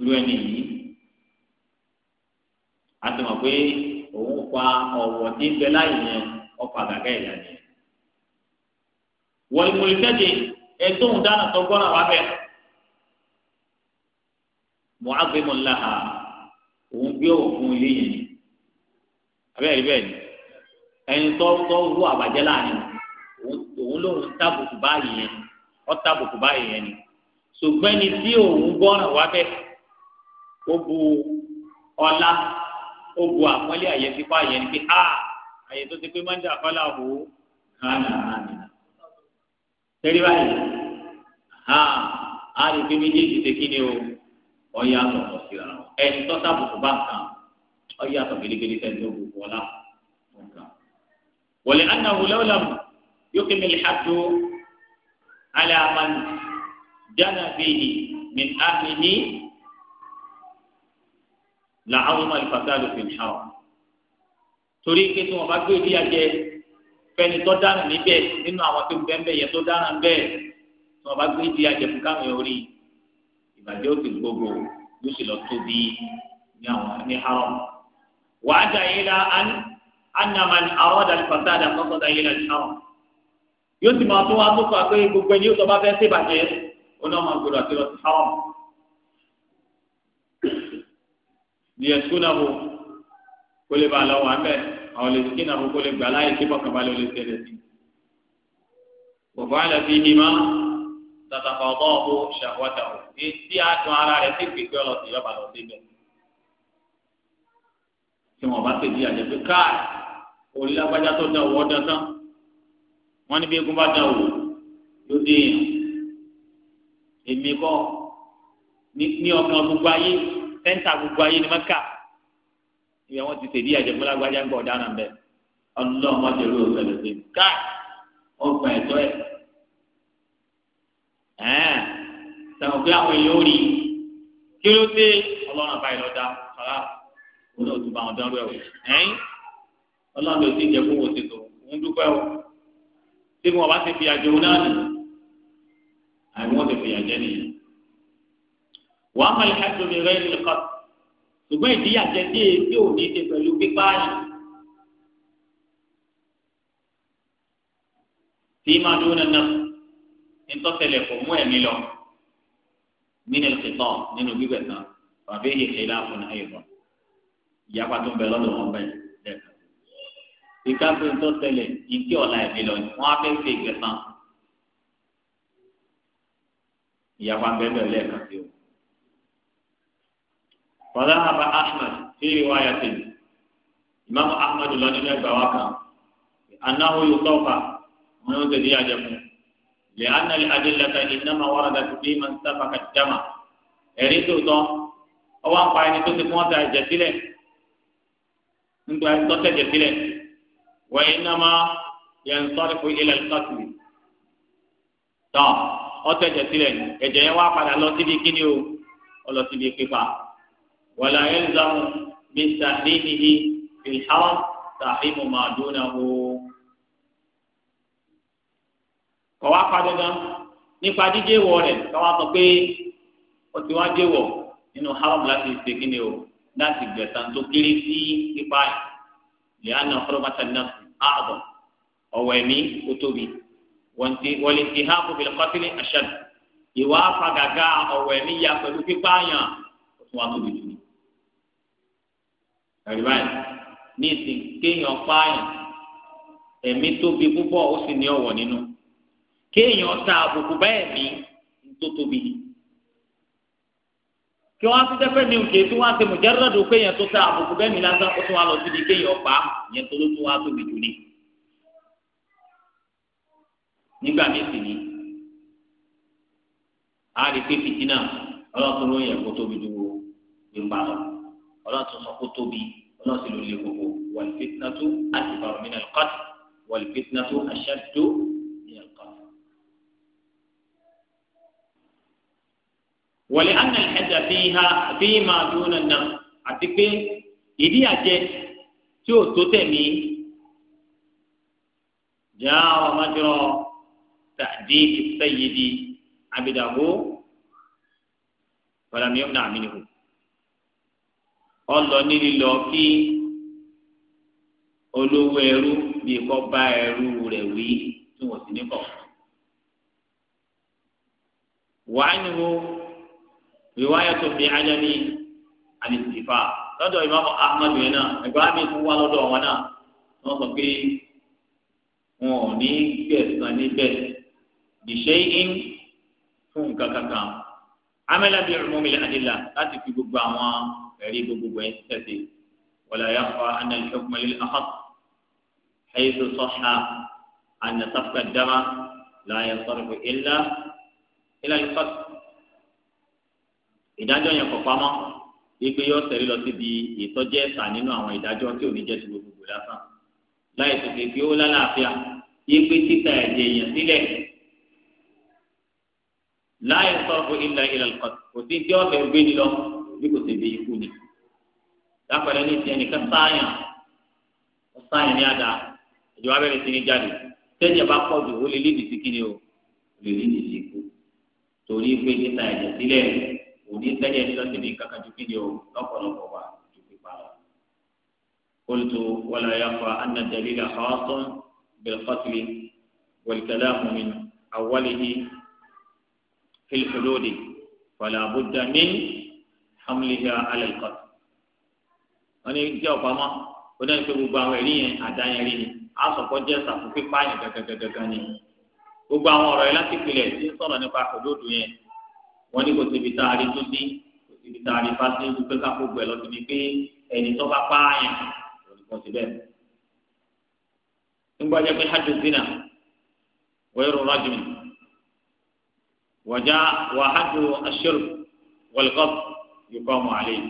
irú ẹni yìí a ti mọ̀ pé òun pa wọlé mọlẹkẹdẹ ẹtọhún dáná tọgbọnà wà bẹ mọ̀ágbémọ̀lá ha òun gbé òfin ilé yẹn ni abẹ́rẹ́ bẹ́ẹ̀ ni ẹni tó tó wú àbàjẹ́ láàrin òun lòun tábùkù báyìí yẹn ọ́ tábùkù báyìí yẹn ni ṣùgbọ́n ẹni tí òun gbọ́nà wá bẹ́ẹ̀ ó bu ọlá ó bu àpọ́nlé àyẹ̀sípá yẹn ni pé a ah, àyè ti pé máa ń dà fọ́lá wò ó kàn án tẹ́lẹ̀ báyìí ha a lè fi méjèèjì ṣe kí ni o ọ̀yà àtọ̀tọ̀ síra ẹni tó sábùkù bá kan ọ̀yà àtọ̀ gidigidi tẹ̀lé òkùnkùn ọ̀la nǹkan. wọ̀lẹ̀ anáwó lọ́wọ́lọ́m yóò kí mi lè ha tó alẹ́ àmàlù dáná bíi mi àmì ní làwọn ọmọ ìfàsálù fi ń ṣàwọn. torí pé tí wọ́n bá gbé ìdíyà fẹ́ni tó dára níbẹ̀ nínú àwọn tó bẹ́ẹ̀ bẹ́ẹ̀ yẹn tó dára bẹ́ẹ̀ tí wọ́n bá gbé di àjẹkù káwọn yẹn rí ìbàjẹ́ ó ti gbogbo yóò sì lọ tóbi ní àwọn ní haram. wàá dà yín la anaman arọ́dà fasada kọ́sọ́dà yín la haram. yóò sì máa tó wá tó fà pé gbogbo ẹni yóò tó bá fẹ́ sí ìbàjẹ́ ó máa gbọdọ̀ àti lọ sí haram. lìyẹ̀sùn náà wò kó lè lọ wà bẹ́ẹ̀ àwọn lè sìkì náà kó lè gbà láyè kí bọ́kànbalẹ̀ lè tẹ̀lé sí. bọ̀bọ̀ àlẹ́ fi yìí máa tàtàkọ̀ ọ̀bọ̀ ọ̀bọ̀ ṣàwọ́tà ò tí a tún ara rẹ̀ sí pèpè ọlọ́sì yọba lọ sí ibẹ̀. tí wọn bá tẹ̀lé àjẹ pé káà orí lágbájá tó dá owó dán tán wọn ní egun bá dá owó yóò dé èèyàn èmi kọ́ ní ọkàn gbogbo ayé sẹ́ńtà gbogbo ayé ni mẹ́ka ìyẹn wọn ti tèdí àjẹmọ́ lágbájá ń bọ̀ ọ̀daràn bẹ́ẹ̀ ọlọ́run wọn ti rí òṣèlú sí ká ọgbà ẹ̀tọ́ ẹ̀ ẹ̀ẹ́n sẹ̀wọ̀n pé àwọn èèyàn ò rí kí ló dé ọlọ́run àbáyé lọ́dá sọ̀rọ̀ òun náà tún bá wọn dánwó ẹ̀wọ̀ ẹ̀yìn ọlọ́run ló ti jẹ́ kó wò sí òun dúpẹ́ o tí wọn bá ti fi àjẹ òun náà nì àìwọ́n ti fi àjẹ nìyẹn wàá mọ̀ mi rẹ́ ìlú kọ́tù ṣùgbọ́n ìdíyàjẹ dé tí ò ní ṣe pẹ̀lú pípáàyàn tí máa dúró nana nítọ́sẹ̀lẹ̀ kò mú ẹ̀mí lọ nínú ìṣẹ̀tọ̀ nínú gbígbẹ̀ tán bàbá èyí ṣe láàfin náà yìí bọ̀ ìyapa tó ń bẹ lọ́dọ̀ wọn bẹ́ẹ̀ lẹ́ẹ̀kan. ìkápẹ́ nítọ́sẹ̀lẹ̀ ìdí ọ̀la ẹ̀mí lọ wọn á fẹ́ ṣe ìgbẹ̀sán ìyapa bẹ́ẹ̀ lẹ́ẹ̀kan sí o. وذهب أحمد في رواية إمام أحمد الله نبي بواكا أنه يطوفى من ذي أجمع لأن الأدلة إنما وردت في من سفك الدم ẹ̀rí tó tọ́ ọwọ́ apá ẹni tó ti fún ọ̀tá ẹ̀jẹ̀ sílẹ̀ nígbà tọ́tẹ̀ ẹ̀jẹ̀ sílẹ̀ wọ́n iná máa yẹn sọ́ọ́rì fún ilẹ̀ lọ́sọ̀tì tọ́ ọ̀tẹ̀ ẹ̀jẹ̀ sílẹ̀ ẹ̀jẹ̀ yẹn wá padà lọ síbi kíni o ọlọ́síbi pípa. ولا يلزم من تحريمه في الحرم تحريم ما دونه kọ̀wá padàdàn nípa jíjẹ́ wọ rẹ̀ káwá sọ pé ó ti wá jẹ́ wọ̀ nínú haram láti ṣe kí ni o láti gbẹ̀sán tó kéré sí pípa ẹ̀ lẹ́yìn ọ̀rọ̀ mọ́tàlínà ààbọ̀ ọ̀wọ̀ ẹ̀mí ó tóbi wọ́n lè ti hàn fúnbi lọ́kọ́sílẹ̀ àṣàdù ìwà afagàgà ọ̀wọ̀ ẹ̀mí ya pẹ̀lú pípa àyàn ó tún wá tóbi jù àríwá yìí ní ìsìn kéèyàn pààyàn ẹ̀mí tóbi púpọ̀ ó sì ní ọ̀wọ̀ nínú kéèyàn ta àbùkù bá ẹ̀mí tó tóbi kí wọ́n á ti dẹ́fẹ́ mi òkè tí wọ́n á ti mú jẹ́rọ́dù kéèyàn tó ta àbùkù bẹ́ẹ̀ mi lásán kó tó wá lọ síbi kéèyàn pa yẹn tó ló tó wá tóbi jù ní. nígbà míì sì ní a rí pé fìtínà ọlọ́tún ló yẹ kó tóbi jù gbígbà lọ. ọlọ́run tó sọ kó tóbi ọlọ́run sì ló lè gbogbo wàlfitnatu akbaru min alqatl wàlfitnatu ashaddu min alqatl. ولأن الحج فيها فيما دون النفس àti pé ìdí àjẹ tí ò tó tẹ̀mí jà ọmọdéọ tàdí ìfẹ́yìí di abidago fọlámiyọ́nà àmínú. ọlọ nílìlọ kí olówó ẹrú bí kò bá ẹrú rẹ̀ wí tí wọ́n sì ní bọ̀. wàánìwó riwaya tó fi ajami alìsìfà lọ́dọ̀ ìmáàmù ahmadu yẹn náà ẹgbẹ́ àmì tó wá lọ́dọ̀ wọn náà wọ́n sọ pé wọn ò ní gbẹ̀sán níbẹ̀ ìṣe ń fún nǹkan kankan amẹ́lábí ọ̀rọ̀mọ́mìlẹ̀ adìlá láti fi gbogbo àwọn ẹ̀rí gbogbogbò ẹ̀ tẹ̀sí wọlé ayáfa anàlẹ́ ọkùnrin ahọ́n ẹ̀yẹ́sọ sọ́ha ànàtàfẹ́ dáma láàyè sọ́rọ̀fẹ́ ilá ilá ìfọ́t ìdájọ́ yẹn kọ̀ pamọ́ wípé yóò tẹ̀lé lọ síbi ìtọ́jẹ́ ẹ̀sà nínú àwọn ìdájọ́ tí ò ní jẹ́ ti gbogbogbò lásán láì tètè fi ó lálàáfíà yípe títa ẹ̀jẹ̀ yẹn sílẹ̀ láyé sọ̀rọ̀ ilẹ̀ ilẹ̀ kọ̀t kò sí tí ọ̀fẹ́ gbé ni lọ bí kò sì bí ikú ni. lápẹ̀rẹ̀ ní tiẹ̀ nìkan sáyà sáyà ní àdá ìjọba bẹ̀rẹ̀ sí ní jáde tẹ́jẹ̀ bá pọ̀ jù ó lè lídìí sí kíni o lè lídìí sí ikú torí pé níta ẹ̀jẹ̀ sílẹ̀ kò ní tẹ́jẹ̀ ní lọ́sẹ̀ ní kankan ju kíni o lọ́pọ̀lọpọ̀ wà ju pípa lọ. olùtò wọlé ayáfa في الحدود فلا بد من حملها على القتل wọ́n ní jẹ́ ọ̀pamọ́ ó dẹ́n pé gbogbo àwọn ẹ̀rí yẹn àdáyẹrí ni àsọ̀kọ́ jẹ́ sàfùfí pààyàn gàgàgàgà ni gbogbo àwọn ọ̀rọ̀ yẹn láti pilẹ̀ tí ń sọ̀rọ̀ nípa òdòdó yẹn wọ́n ní kò síbi tá a rí tó dín kò síbi tá a rí fásitì ń dúpẹ́ káfó gbẹ lọ síbi pé ẹni tó bá pààyàn kò sí bẹ́ẹ̀. nígbà jẹ́ pé hajj zina wẹ́rù rajmi وجاء وحد الشرب والغضب يقام عليه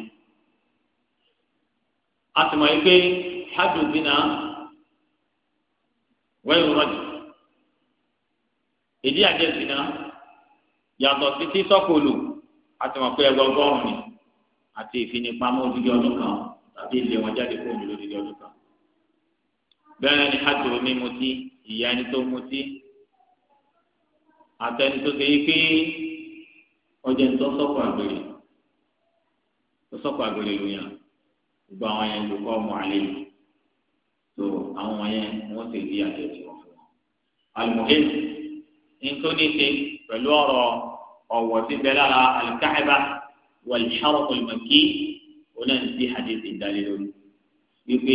أتما يكي حد الزنا غير رجل ìdí àjẹsí náà yàtọ̀ sí tí sọ́kòlù àti wọn pé ẹgbẹ́ ọgọ́rùn-ún ni àti ìfinipamọ́ odidi ọdún kan tàbí ilé wọn jáde kó omi lódidi ọdún kan. bẹ́ẹ̀ ni hajj omi mutí ìyá ẹni tó mutí àtẹni tó ṣe yí pé ọjà ń tọ́ sọ́kọ̀ àgbèrè tó sọ́kọ̀ àgbèrè lóyún gbogbo àwọn yẹn ló kọ́ ọmọ àlè yìí tó àwọn yẹn wọ́n ti di àjẹ tí wọ́n fún wọn. àlùmọ́hìn nítorí ṣe pẹ̀lú ọ̀rọ̀ ọ̀wọ̀ bẹ lára àlùkáàbà wàlìhàrọ̀ olùmọ̀kì onáǹtí hadith ìdálé lórí wípé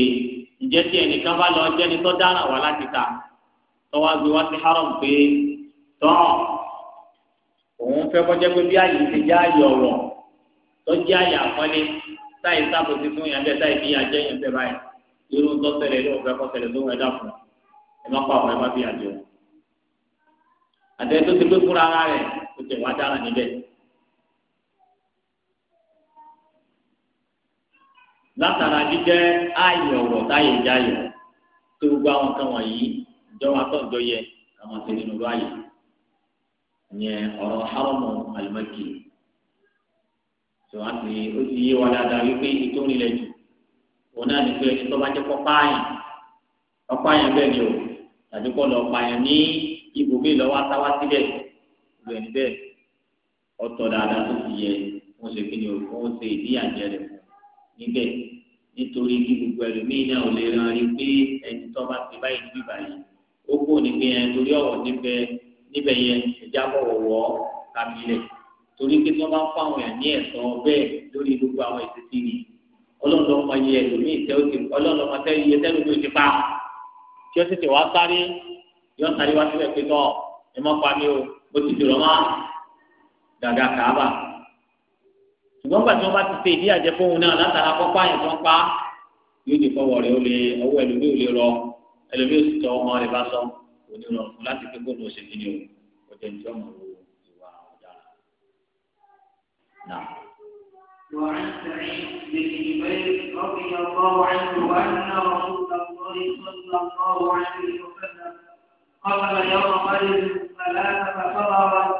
ǹjẹ́ tí ẹnìkan bá jẹ́ni tó dára wà láti ta tọ́wá gbé wá sí haram pé tán òun fẹ́ kọjá pé bí àyè ti já àyè ọ̀rọ̀ tó jẹ́ àyè àpọ́nlé táyì sábòsí fún yàn táyì bí yàn jẹ́ yàn báyìí irú tó ṣẹlẹ̀ ló ń fẹ́ kọ́ tó ń ẹ̀dá fún ẹ má pààrọ̀ ẹ má bí àjọ. àtẹ tó ti pé fúnra ara rẹ̀ tó ti wá dára níbẹ̀. látara jíjẹ́ àyè ọ̀rọ̀ táyì jáyọ̀ tó gbogbo àwọn kan wọ̀nyí ìjọba tó yẹ àwọn àti nínú ráyè ìyẹn ọ̀rọ̀ haramu alimaki tó wá sí ó ti yé wa dáadáa wípé ètò ìrìnlẹ̀ jù òun náà ní pé ẹni tó bá jẹ́ kọ́ páàyàn kọ́ páàyàn bẹ́ẹ̀ ni o tàbí kọ́ lọ páàyàn ní ibùgbé lọ́wọ́ àtàwá síbẹ̀ ìlú ẹni bẹ́ẹ̀ ọ̀tọ̀ dáadáa tó ti yẹ wọ́n ṣe kí ni o wọ́n ṣe ìdíyàjẹ rẹ̀ níbẹ̀ nítorí kí gbogbo ẹlòmíì náà ò lè ran rí pé ẹni tó bá ti báyìí níbí báyìí ó kò ní pé ẹni torí ọ̀wọ̀ níbẹ̀ níbẹ̀ yẹn ẹja bọ̀wọ̀ wọ́ kábílẹ̀ torí pé tí wọ́n bá fún àwọn èèyàn ní ẹ̀sọ́ bẹ́ẹ̀ lórí gbogbo àwọn ìṣesí ni ọlọ́run ọmọ yẹ ẹlòmíì tẹ́ ó ti ọlọ́run ọmọ tẹ́ yẹ tẹ́ lómi ó ti pa tí ó sì ti wá sáré yọ sáré wá sílẹ̀ pé tọ́ ẹ má pa mí o mo ti dùrọ̀ mọ́ gàgà kàába ṣùgbọ́n gbàtí wọ́n bá ti ṣe ìdí àjẹ fóun náà látara kọ́pá yẹn tó ń pa yóò di fọwọ́ rẹ̀ ó lè ọwọ́ ẹlòmíì ò lè rọ ẹlòmíì ò sì tọ ọmọ rẹ̀ bá sọ onírọ̀rùn láti pé kóòtù ọ̀sẹ̀ kìíní o ọjọ́ ìjọ mọ̀ ló ìwà ọ̀daràn. Náà. وعن سعيد بن جبير رضي الله عنه أن رسول الله صلى الله عليه وسلم قبل يوم بدر ثلاث فصبرت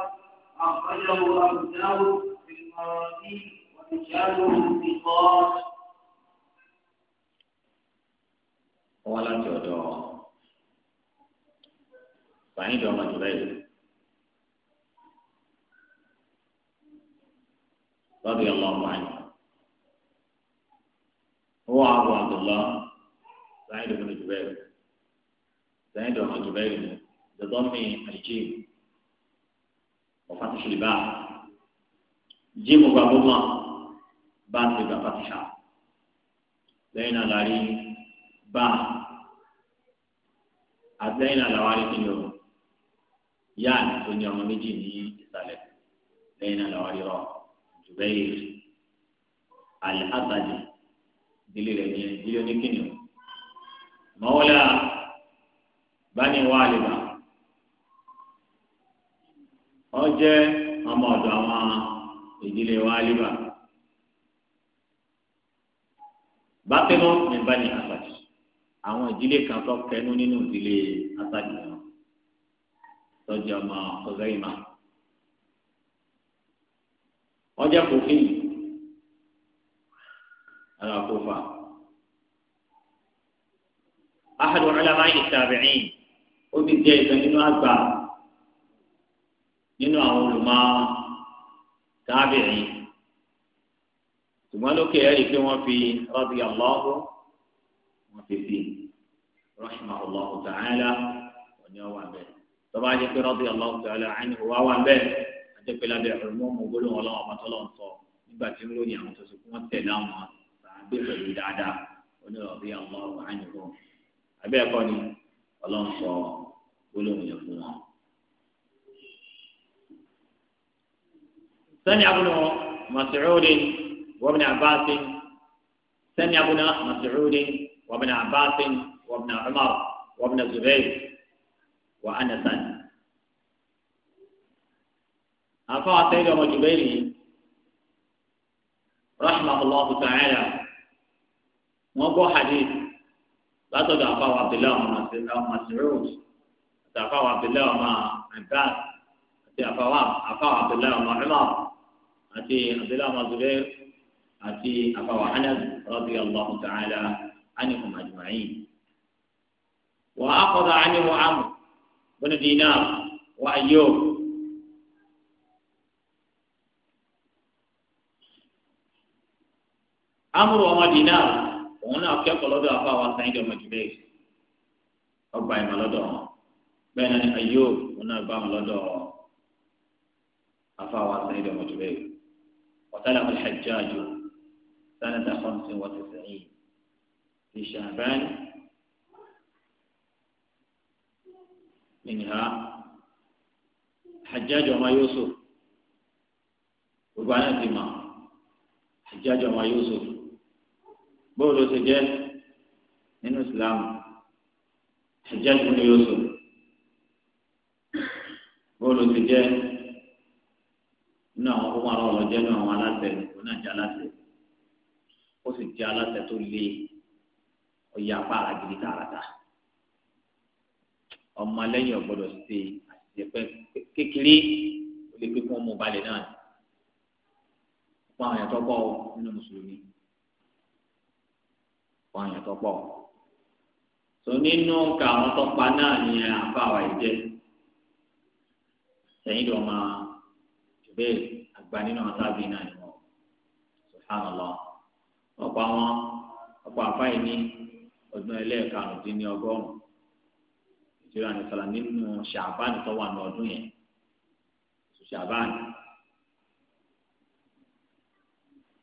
أخرجه أبو داود في المراتب ورجاله ثقات. قال جدار sàyìn dọ̀mà jùlọ yìí. lọ́dọ̀ yẹn هو أبو عبد الله سعيد بن جبير سعيد بن جبير بضم الجيم وفتح الباء جيم بابوما بات بفتحة لين لاري با أتلين لواري اليوم ìyá àti tó ní ọmọ méjì ní ìsàlẹ̀ lẹ́yìn náà làwọn rírọ Jubair al-Asadi ìdílé rẹ̀ ní ìdílé oníkìnnì mọ́wọ́lá Bani Waliba ó jẹ́ ọmọ ọ̀dọ̀ àwọn ìdílé Waliba bákẹ́mọ́ ní Bani Asadi àwọn ìdílé kan tó kẹnu nínú ìdílé Asadi tọ́jú ọmọ ọ̀sẹ̀ ìmọ̀. wọ́n kòfin ara kófà. أحد علماء التابعين ó ti jẹ́ ìtàn nínú àgbà nínú àwọn olùmọ̀ tábìrin ṣùgbọ́n lókè ẹ̀rí pé wọ́n fi rọ́bì ọlọ́ọ̀bù wọ́n fi fi rọ́ṣùmọ̀ ọlọ́ọ̀bù tààlà wọ́n ní ọwọ́ abẹ́rẹ́ tọ́ba jẹ́ pé rọ́bì ọlọ́run tó ẹlẹ́ àìní wá wà bẹ́ẹ̀ àjẹ́ pé lábẹ́ ọ̀rọ̀mọ́mọ́ gbólóhùn ọlọ́run ọba tọ́lọ́ ń sọ nígbà tí ń lóyìn àwọn tó ti kún wọ́n tẹ̀lé àwọn sàgbé pẹ̀lú dáadáa onírọ̀bì ọlọ́run àìní wọn abẹ́ ẹ̀kọ́ ni ọlọ́run sọ gbólóhùn yẹn fún wọn. sani abunu mas'udin wabni abbasin sani abuna mas'udin wabni abbasin wà á nàṣàn. afọ àtẹ́lẹ̀ ọmọ jùbẹ́rì rahmatulah ta'ala wọ́n gbọ́ hadith látọ̀dọ̀ àfàwọ̀ abdullahi ọmọ masirud àti àfàwọ̀ abdullahi ọmọ abbas àti àfàwọ̀ abdullahi ọmọ umar àti abdullahi ọmọ zubair àti àfàwọ̀ anas radiyallahu ta'ala anhum ajma'in. wà á kọ́ da بن دينار وأيوب amúrò ọmọ dínà òun náà kẹ́kọ̀ọ́ lọ́dọ̀ afọ àwọn sáyẹ́ndì ọmọ jùlẹ̀ ọgbà ìmọ̀ lọ́dọ̀ wọn bẹ́ẹ̀ náà ni ayé òun náà gbà wọn lọ́dọ̀ ọ àwọn sáyẹ́ndì ọmọ jùlẹ̀ ọ̀tálà ọ̀lẹ́hàjáàjò na khamsin wa tis'in fi Sha'ban. mìnìhà Hajjaj ọmọ Yusuf gbogbo àná ti mọ̀ Hajjaj ọmọ Yusuf bóòlù ti jẹ́ nínú Islam Hajjaj ọmọ Yusuf bóòlù ti jẹ́ nínú àwọn kókó àwọn ọ̀rọ̀ jẹ́ nínú àwọn aláṣẹ òun náà jẹ́ aláṣẹ ó sì jẹ́ aláṣẹ tó lé ọ̀yà apá àgìrì tààràtà ọmọ lẹ́yìn ọ̀gbọ́dọ̀ ṣe àṣepẹ́ kékeré ó lè pé kí wọ́n mú balẹ̀ náà fún àwọn ẹ̀tọ́ pọ̀ nínú mùsùlùmí fún àwọn ẹ̀tọ́ pọ̀ tó nínú nǹkan àwọn tó pa náà ni àfa àwa ìjẹ sẹ́yìn lọ́ọ́ máa ìbéèrè àgbà nínú àwọn tábì náà ni wọ́n subhanallah ọ̀pọ̀ àwọn ọ̀pọ̀ àfáì ní ọdún ẹlẹ́ẹ̀karùndínlọ́gọ́rùn-ún. ìṣirò àníṣàlà nínú ṣàbáàní tó wà ní ọdún yẹn ṣàbáàní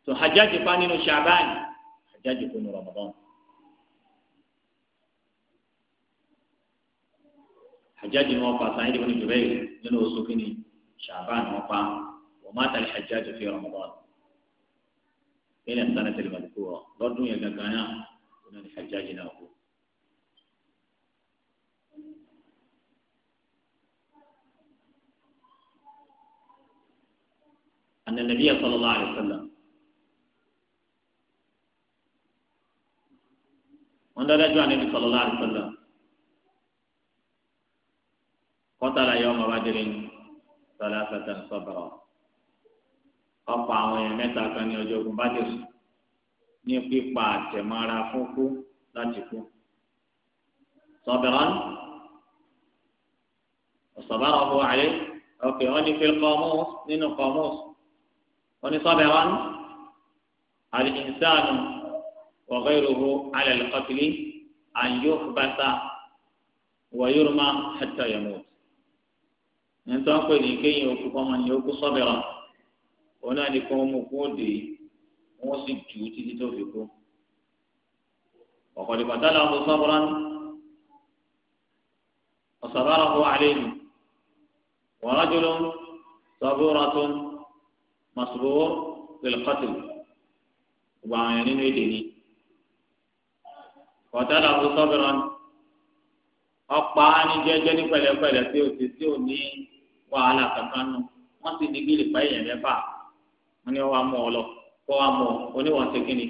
tó hajjáde pa nínú ṣàbáàní hajjáde kò ní Ramadan hajjáde wọn pa sáyẹn dìbò ní Jubair nínú oṣù kìíní ṣàbáàní wọn pa wọn má tàlẹ hajjáde fi Ramadan ilẹ̀ sanatil madhkura lọ́dún yẹn gangan náà wọn ní hajjáde náà. أن النبي صلى الله عليه وسلم wọ́n dáadáa ju anabi sọlọ́lá àdìsọ́lá kọ́tàlá yọ ọmọ bàjẹ́rẹ́ sọlá fẹ́tẹ̀ sọ́bàrọ̀ ọ̀pọ̀ àwọn èèyàn mẹ́ta kan ní ọjọ́ ogun bàjẹ́rẹ́ ní pípa àtẹ̀mọ́ra fún kú láti kú sọ́bàrọ̀ ọ̀sọ̀bàrọ̀ ọ̀hún àlẹ́ ọ̀kẹ́ wọ́n ní fẹ́ kọ́mọ́ọ̀sì nínú kọ́mọ́ọ̀sì onísọ́bẹ̀rán alìsánù wọ̀gẹ́rùhù alẹ́lẹ́kọ́tìlì àyọ̀bàtà wọ̀yọ́rùmá ẹ̀tọ́yọ̀mù. nítorí pé ní kéyìn òkú kọ́mọ ní òkú sọ́bẹ̀rán òun náà ní kó mú kó dé wọ́n sì jù ú títí tó fi kú. ọ̀kọ̀dìbàtà làwọn sọ́bẹ̀rán ọ̀sàbàràhù àlẹ́yìn wọ́n rájọ́lọ́ sọ́bẹ̀rán tó ń mọ̀sùlùwọ́ pẹ̀lú kọ́tù gbogbo àwọn èèyàn nínú èdè ni. kọ̀tàlá ọ̀hún sọ́bìrọ̀ ọ̀pá ni jẹ́jẹ́ ní pẹ̀lẹ́pẹ̀lẹ́ tí o ti tí o ní wàhálà kankan nù wọ́n sì ní gílì pa èèyàn mẹ́fà wọ́n ní wọ́n wá mú ọ lọ kọ́ wá mú ọ oníwọ̀n ṣe kínni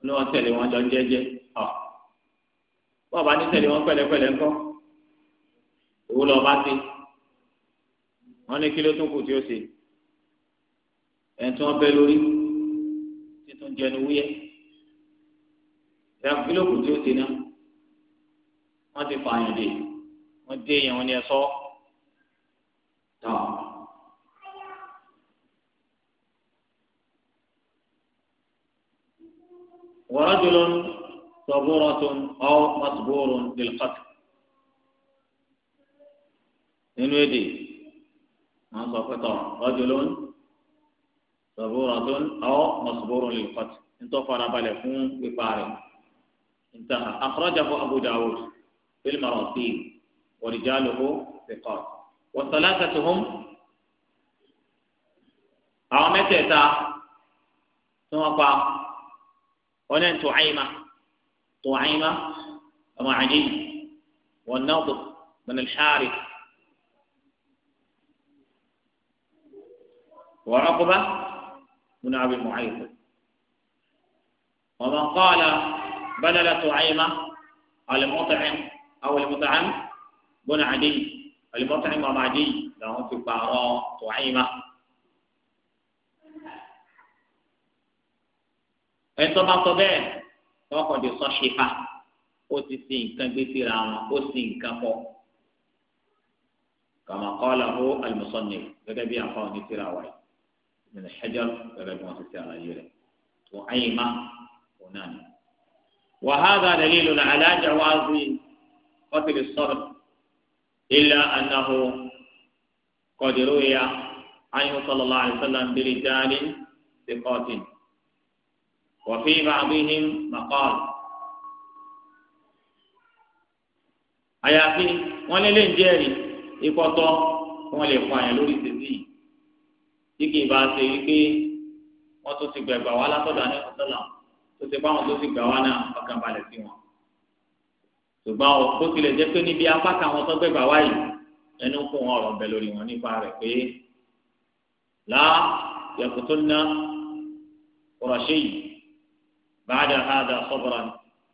oníwọ̀n tẹ̀lé wọn jọ jẹ́jẹ́ ọ̀ bọ́ọ̀ bá ní tẹ̀lé wọn pẹ̀lẹ́pẹ̀lẹ́ ńkọ́ òwú lọ́ọ́ bá ti wọ́n ní kí ló tó kù tí ó ẹni tí wọ́n bẹ́ lórí títún jẹnu wúyẹ́ ìyá kílòkù tí ó ti ná wọ́n ti fààyàn dé wọ́n dé èèyàn wọn ni ẹ sọ tọ́ ورجل صبورة أو مصبور للقتل nínú èdè wọn sọ pé tọ rọjò lónìí sọ̀bùrọ̀ tó ń ọ́ mọ̀sọ̀bùrọ̀ lè kọ́tù nítorí farabalẹ̀ fún pípa rẹ̀ ntaha akọrọjàfọ abu dawud fil marasil warijaluhu thiqat wasalatatuhum àwọn mẹ́tẹ̀ẹ̀ta tí wọ́n pa wọn ní tuwaima tuwaima ọmọ àjẹyìn wọn náà tó mọ̀nà ṣáàrì. وعقبة من أبي معيط ومن قال بللة عيمة المطعم أو المطعم بن عدي المطعم أم عدي لهم في بعراء تعيمة أنت ما تبين وقد صحفة ó ti sin nǹkan gbé síra wọn ó sin nǹkan pọ̀ kama qala hu al gẹ́gẹ́ bí ní wáyé. من الحجر فلما تسير يله وعيمة ونان وهذا دليل على جواز قتل الصدر إلا أنه قد روي عنه صلى الله عليه وسلم برجال ثقات وفي بعضهم مقال àyàfi wọn lé lè ń jẹ́rìí ikọtọ wọn lè tí kì í bá ṣe wípé wọ́n tó ti gbẹ̀gbà wá látọ̀dọ̀ àná ìfọ̀sọ́là tó ti báwọn tó ti gbà wá náà ọkàn balẹ̀ sí wọn. ṣùgbọ́n bó tilẹ̀ jẹ́ pé níbi apá kan wọn tó gbẹ̀gbà wá yìí ẹnu kó wọn ọ̀rọ̀ bẹ̀ lórí wọn nípa rẹ̀ pé lá yẹ̀kùtún ná kùrọ̀ṣẹ́ yìí báàdà hàdà sọ́bọ̀rà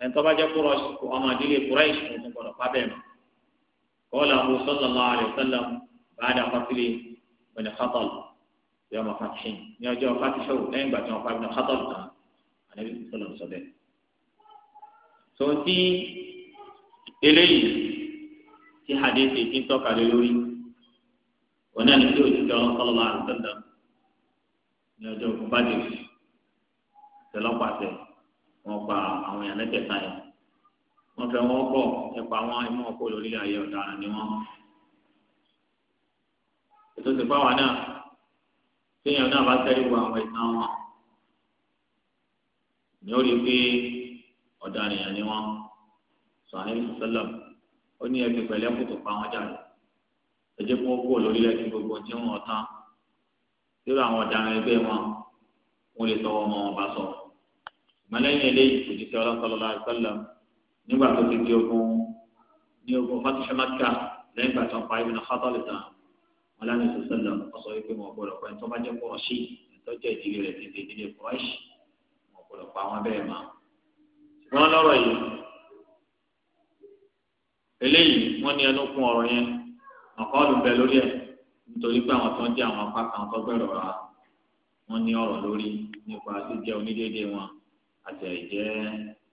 ẹ̀ńtọ́ bá jẹ́ kùrọ̀ṣẹ́ ọmọ ìdílé kùrọ̀ṣẹ́ kò tún gbọ́dọ̀ pábẹ́ mọ́ kọ́lá ọ̀hún sọ́lá yọmọ fatihin ní ọjọ́ fatihin lẹ́yìn ìgbà tí wọ́n pa ibùdó kátọ́lù kan ànábì sọlọ sọ bẹ́ẹ̀. tó ti eléyìí tí hadithi ti ń tọ́ka lé lórí wọn náà ní tí òjijì ọlọ́run sọlọ lọ àrùn dandan ní ọjọ́ ogun bá dèrè tẹlọpàṣẹ wọn pa àwọn èèyàn lẹ́tẹ̀ẹ̀ta yẹn wọn fẹ́ wọn bọ̀ ẹ̀pọ̀ àwọn ẹ̀mọ́ ọkọ̀ lórí ayé ọ̀daràn ni wọn. ètò ìsìnkú àwọn náà téèyàn náà bá tẹ́lẹ̀ wọ àwọn ìtàn wọn ni ó rí i pé ọ̀daràn ni wọn sọ̀rọ̀ ní sọ́lọ̀ ó ní ẹbí pẹ̀lẹ́ kò tó pa wọn jà ẹ jẹ́ kó kó lórílẹ̀ kí gbogbo tí wọ́n tán síra àwọn ọ̀daràn ẹgbẹ́ wọn wọn lè tọwọ́ ọmọ wọn bá sọ ìmọ̀lẹ́yìn eléyìí kò ní sọ ọlọ́sọ̀lọ́ láti sọ́lọ̀ nígbà tó ti di ogun ní ogun fásitì lẹ́yìn wọn lánà ètò sọlọ ọsọ wípé wọn gbọ́dọ̀ pẹ tó bá jẹ pọ ọṣì ìtọjọ ìdílé rẹ tètè ìdílé kọrọṣì wọn gbọ́dọ̀ pa wọn bẹ́ẹ̀ mọ́. ṣùgbọ́n lọ́rọ̀ yìí eléyìí wọ́n ní ẹnu kún ọ̀rọ̀ yẹn àkọọ́lù bẹ lórí ẹ̀ nítorí pé àwọn tó ń jẹ́ àwọn apá kan tó gbẹ̀rọ̀ ra wọ́n ní ọ̀rọ̀ lórí nípa jíjẹ́ onídéédé wọn àti àìjẹ́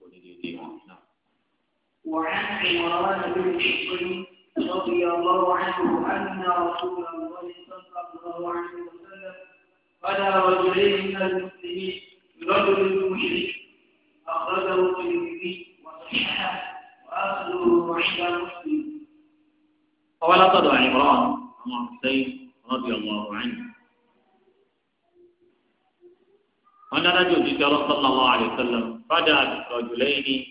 onídéédé wọn náà. wàá ṣe ìwọ̀n رضي الله عنه أن رسول الله صلى الله عليه وسلم على رجلين من المسلمين رجل مشرك أخرجه الترمذي وصححه وأخذه عند مسلم ولقد تدع عمران عمر حسين رضي الله عنه أن رجل صلى الله عليه وسلم فدى برجلين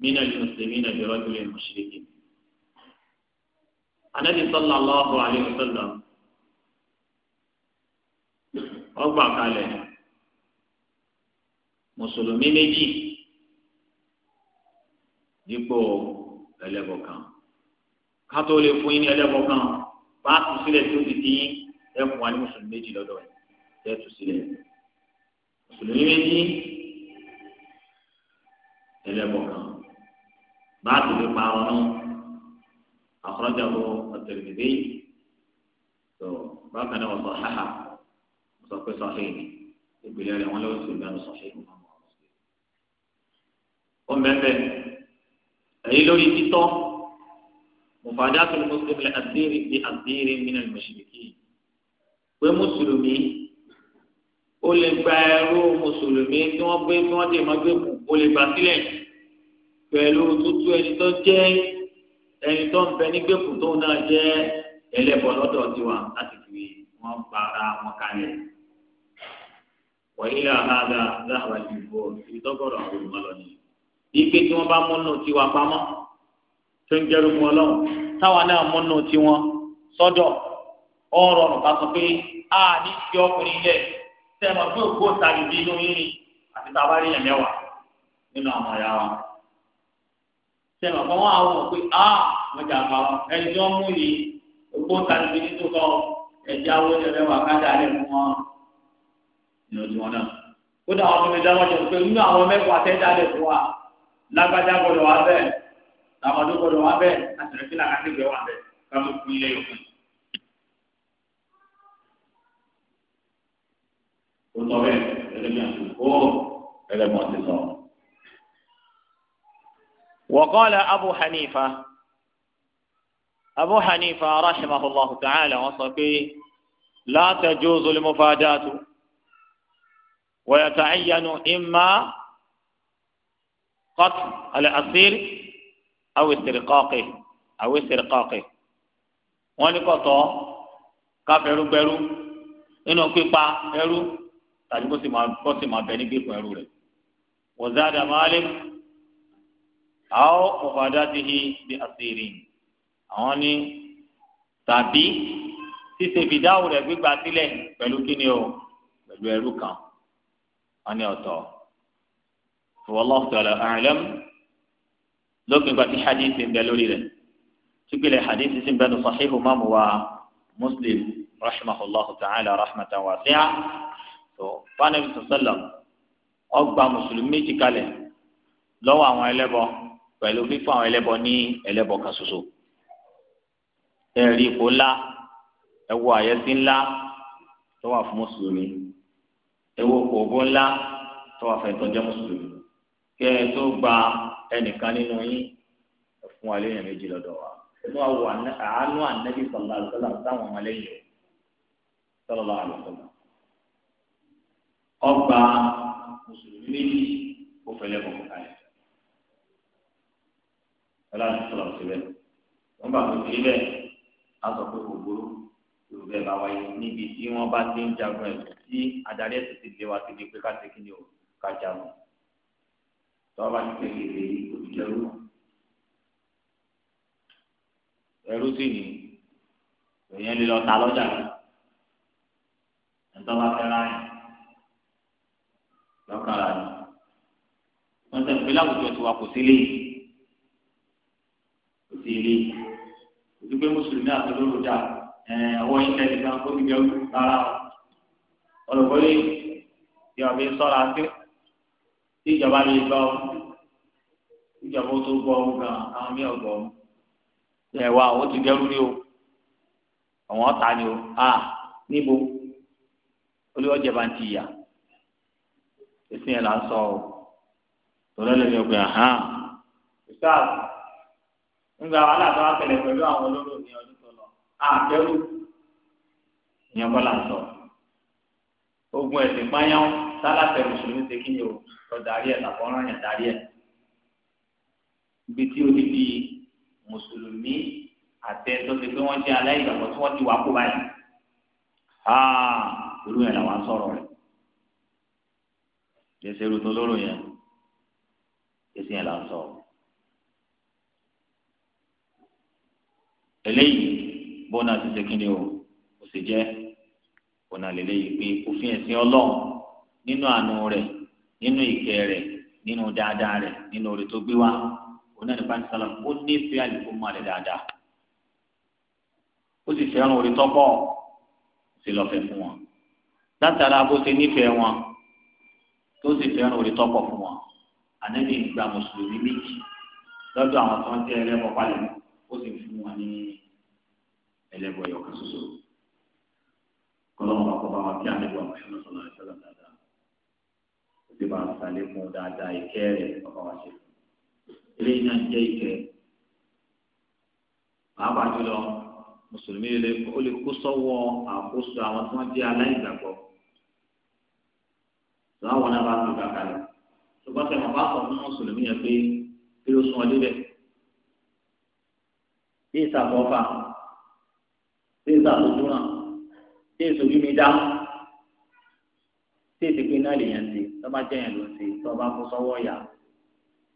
من المسلمين برجل مشرك anabi sallallahu alayhi wa sallam ọgbà kalẹ̀ mùsùlùmí méjì dípò ẹlẹ́bọ kan kátó lè fún yín ní ẹlẹ́bọ kan bá a tù sílẹ̀ tó ti dín ẹkùn wa ní mùsùlùmí méjì lọ́dọ̀ yìí tù sílẹ̀ mùsùlùmí méjì ẹlẹ́bọ kan bá a tù lè pa ọ̀run أخرجه الترمذي بقنا وصححه وصححه صحيح البلال ولو سلمان صحيح قم بأنه أي لو يتطور mufadatu muslim la asiri bi asiri minal mushriki pé mùsùlùmí ó lè gba ẹrú mùsùlùmí tí wọ́n gbé tí wọ́n dè mọ́ gbé kù ó lè gbà sílẹ̀ pẹ̀lú tútù ẹni tó jẹ́ ẹni tó ń bẹ ní gbẹ̀kú tó náà jẹ́ ẹlẹ́bọ lọ́dọ̀ tiwa láti fi wọ́n para wọn kalẹ̀. wàyílà àdá dáhùn àdìgbò ìtọ́gọ̀rọ̀ àwọn olùmọ̀lọ́ ni. ipe tí wọ́n bá múnú tiwa pamọ́ tó ń jẹ́rú mu ọlọ́run táwa náà múnú tiwọn sọ́dọ̀ ọ̀rọ̀ ọ̀rọ̀ bá sọ pé a ní fi ọkùnrin ilẹ̀ tẹ̀ mọ̀ pé òkú òtàlùbí inú yín ni àti tàbárí yẹn mẹ́wàá nínú àwọn ọ̀yà wa sẹ́nu ọ̀pọ̀ wọn àwọn pé a wọ́n jà pa wọn ẹni tí wọ́n mú yìí ògbó tàbí ní tó kọ́ ẹ̀jẹ̀ àwọn ẹ̀rẹ́ wà kájà rẹ̀ fún wọn nínú tí wọn náà. ó dà wọn fúnmi dáwọ́ jẹun pé nínú àwọn mẹ́fà tẹ́ dálẹ̀ fún wa lágbájá gbọdọ̀ wá bẹ́ẹ̀ tàmọ́dún gbọdọ̀ wá bẹ́ẹ̀ àtẹ̀rẹ́ fílà kásìgbẹ́ wà bẹ́ẹ̀ kámi fún ilé yòókù. ó sọ bẹ́ẹ̀ ẹlẹ́mìí àti وقال أبو حنيفة أبو حنيفة رحمه الله تعالى وصفي لا تجوز المفادات ويتعين إما قتل الأصيل أو استرقاقه أو استرقاقه ونقطع كافر بيرو إنه كيبا بيرو تجبسي ما بني بيرو وزاد مالك àwọn mọ̀fàdá ti hi bí àṣírí àwọn ní tàbí ṣíṣe fìdáwò rẹ̀ gbígbà sílẹ̀ pẹ̀lú kíni o pẹ̀lú ẹrú kan wọn ní ọ̀tọ̀ wallahu ta'ala a'lam lókè gbàtí hadith ń bẹ lórí rẹ̀ tukile hadithi sin bẹnu sahihu mamu wa muslim rahimahullahu ta'ala rahmatan wasi'a so fanabi sallam ọgbà mùsùlùmí méjì kalẹ̀ lọ́wọ́ àwọn ẹlẹ́bọ pẹ̀lú fífún àwọn ẹlẹ́bọ ní ẹlẹ́bọ kan ṣoṣo ẹ̀rí ipò ńlá ẹ̀wọ̀ àyẹ́sí ńlá tó wà fún mùsùlùmí ẹ̀wọ̀ ògùn ńlá tó wà fún ìtọ́jẹ́ mùsùlùmí kẹ́ ẹ tó gba ẹnìkan nínú yín fún àléyìn méjì lọ́dọ̀ wa inú àwọ̀ àánú ànẹ́bí sọ̀lá àlùsọ́lá táwọn ọmọlẹ́yìn sọ̀lá àlùsọ́lá ọgbà mùsùlùmí méjì ó fẹ́lẹ́ kọ̀ọ̀kan yẹn ẹlẹ́ àti sọ̀rọ̀ síbẹ̀ wọ́n bá tóbi níbẹ̀ aṣọ pé kò burú yorùbá ẹ̀ bá wáyé níbi tí wọ́n bá ti ń jagun ẹ̀ tí adarí ẹ̀ ti lé wa ti di pé káṣí kí ni o ká jagun tọ́wọ́ bá ti pè é lè òbí ẹrú ẹrú sì ni èèyàn lè lọ ta lọ́jà ẹ̀ tọ́wọ́ bá fẹ́ ráyìn lọ́kàrà ni wọ́n sọ pé láwùjọ tiwa kò sí léyìí eré òdúgbò mùsùlùmí àtọlórúdà ọwọ́ ilẹ̀ nìkan kó níbi ẹrú rárá ọlọ́gbọ́lé bí ọ̀bí sọ́ra sí tí ìjọba lè gbọ́ ọ ìjọba tó gbọ́ ọ gan àwọn mí ọ̀gbọ́ ọ ẹ̀wà ó ti dẹrú ní o àwọn ọ̀tá ni o a níbo olúwa jẹba ń ti yà èsì yẹn là ń sọ ọ tọ́lá lè ní ọgbẹ́ hàn nígbà wàhálà tó wá tẹ́lẹ̀ pẹ̀lú àwọn olóró ní ọdún tó lọ àbẹ̀rù ìyẹn bọlá sọ ogun ẹsìn pányán sálàtẹ mùsùlùmí ṣe kí ni o lọ darí ẹ làkọrán yẹn darí ẹ ibi tí o ti di mùsùlùmí àtẹ̀tọ́ ti pé wọ́n jẹ́ aláìgbàgbọ́ tí wọ́n ti wà kó báyìí aa irú yẹn làwọn sọ̀rọ̀ rẹ̀ lẹ́sẹ̀ irú tó lóró yẹn lẹ́sẹ̀ yẹn là ń sọ̀rọ̀. eléyìí bó náà ti ṣe kí ni o kò sì jẹ́ kò náà lè léyìí pé òfin ẹ̀sìn ọlọ́run nínú àánú rẹ̀ nínú ìkẹ́ rẹ̀ nínú dáadáa rẹ̀ nínú orí tó gbé wá òun náà ní bá ń sálọ ó nífẹ̀ẹ́ àlùkò máa lè dáadáa ó sì fẹ́ràn orí tọ́pọ̀ sí lọ́fẹ̀ẹ́ fún wọn látara bó ṣe nífẹ̀ẹ́ wọn tó sì fẹ́ràn orí tọ́pọ̀ fún wọn ànábì ìgbà mùsùlùmí méjì lọ́dọ̀ àwọn tó ń jẹ́ ẹlẹ́mọ̀pálẹ̀ ó sì fún wọn ní ẹlẹ́bọ̀ ẹ̀yọ̀ kan ṣoṣo kọ́lọ́mù àkọ́bá wa kí àlẹ́bọ̀ Muhammad sallallahu alaihi wasallam dáadáa ó ti bá sàlẹ̀ mú dáadáa ìkẹ́ rẹ̀ bàbá wa ṣe eléyìí náà jẹ́ ìkẹ́ pàápàá jùlọ mùsùlùmí lè ó lè kó sọ́wọ́ àkóso àwọn tí wọ́n jẹ́ aláìgbàgbọ́ láwọn náà bá tó gbà kalẹ̀ ṣùgbọ́n tẹ̀wọ̀n bá sọ fún mùsùlùmí yẹn pé kí ló sún ọdún bẹ́ẹ̀ bí ìsàkọ́fà tí ń sàtúntò náà tí ń sojú mi dá tí èsì pé náà lèèyàn ti tọ́ba jẹ́yàn ló ń ṣe tọ́ba kó sọ́wọ́ yà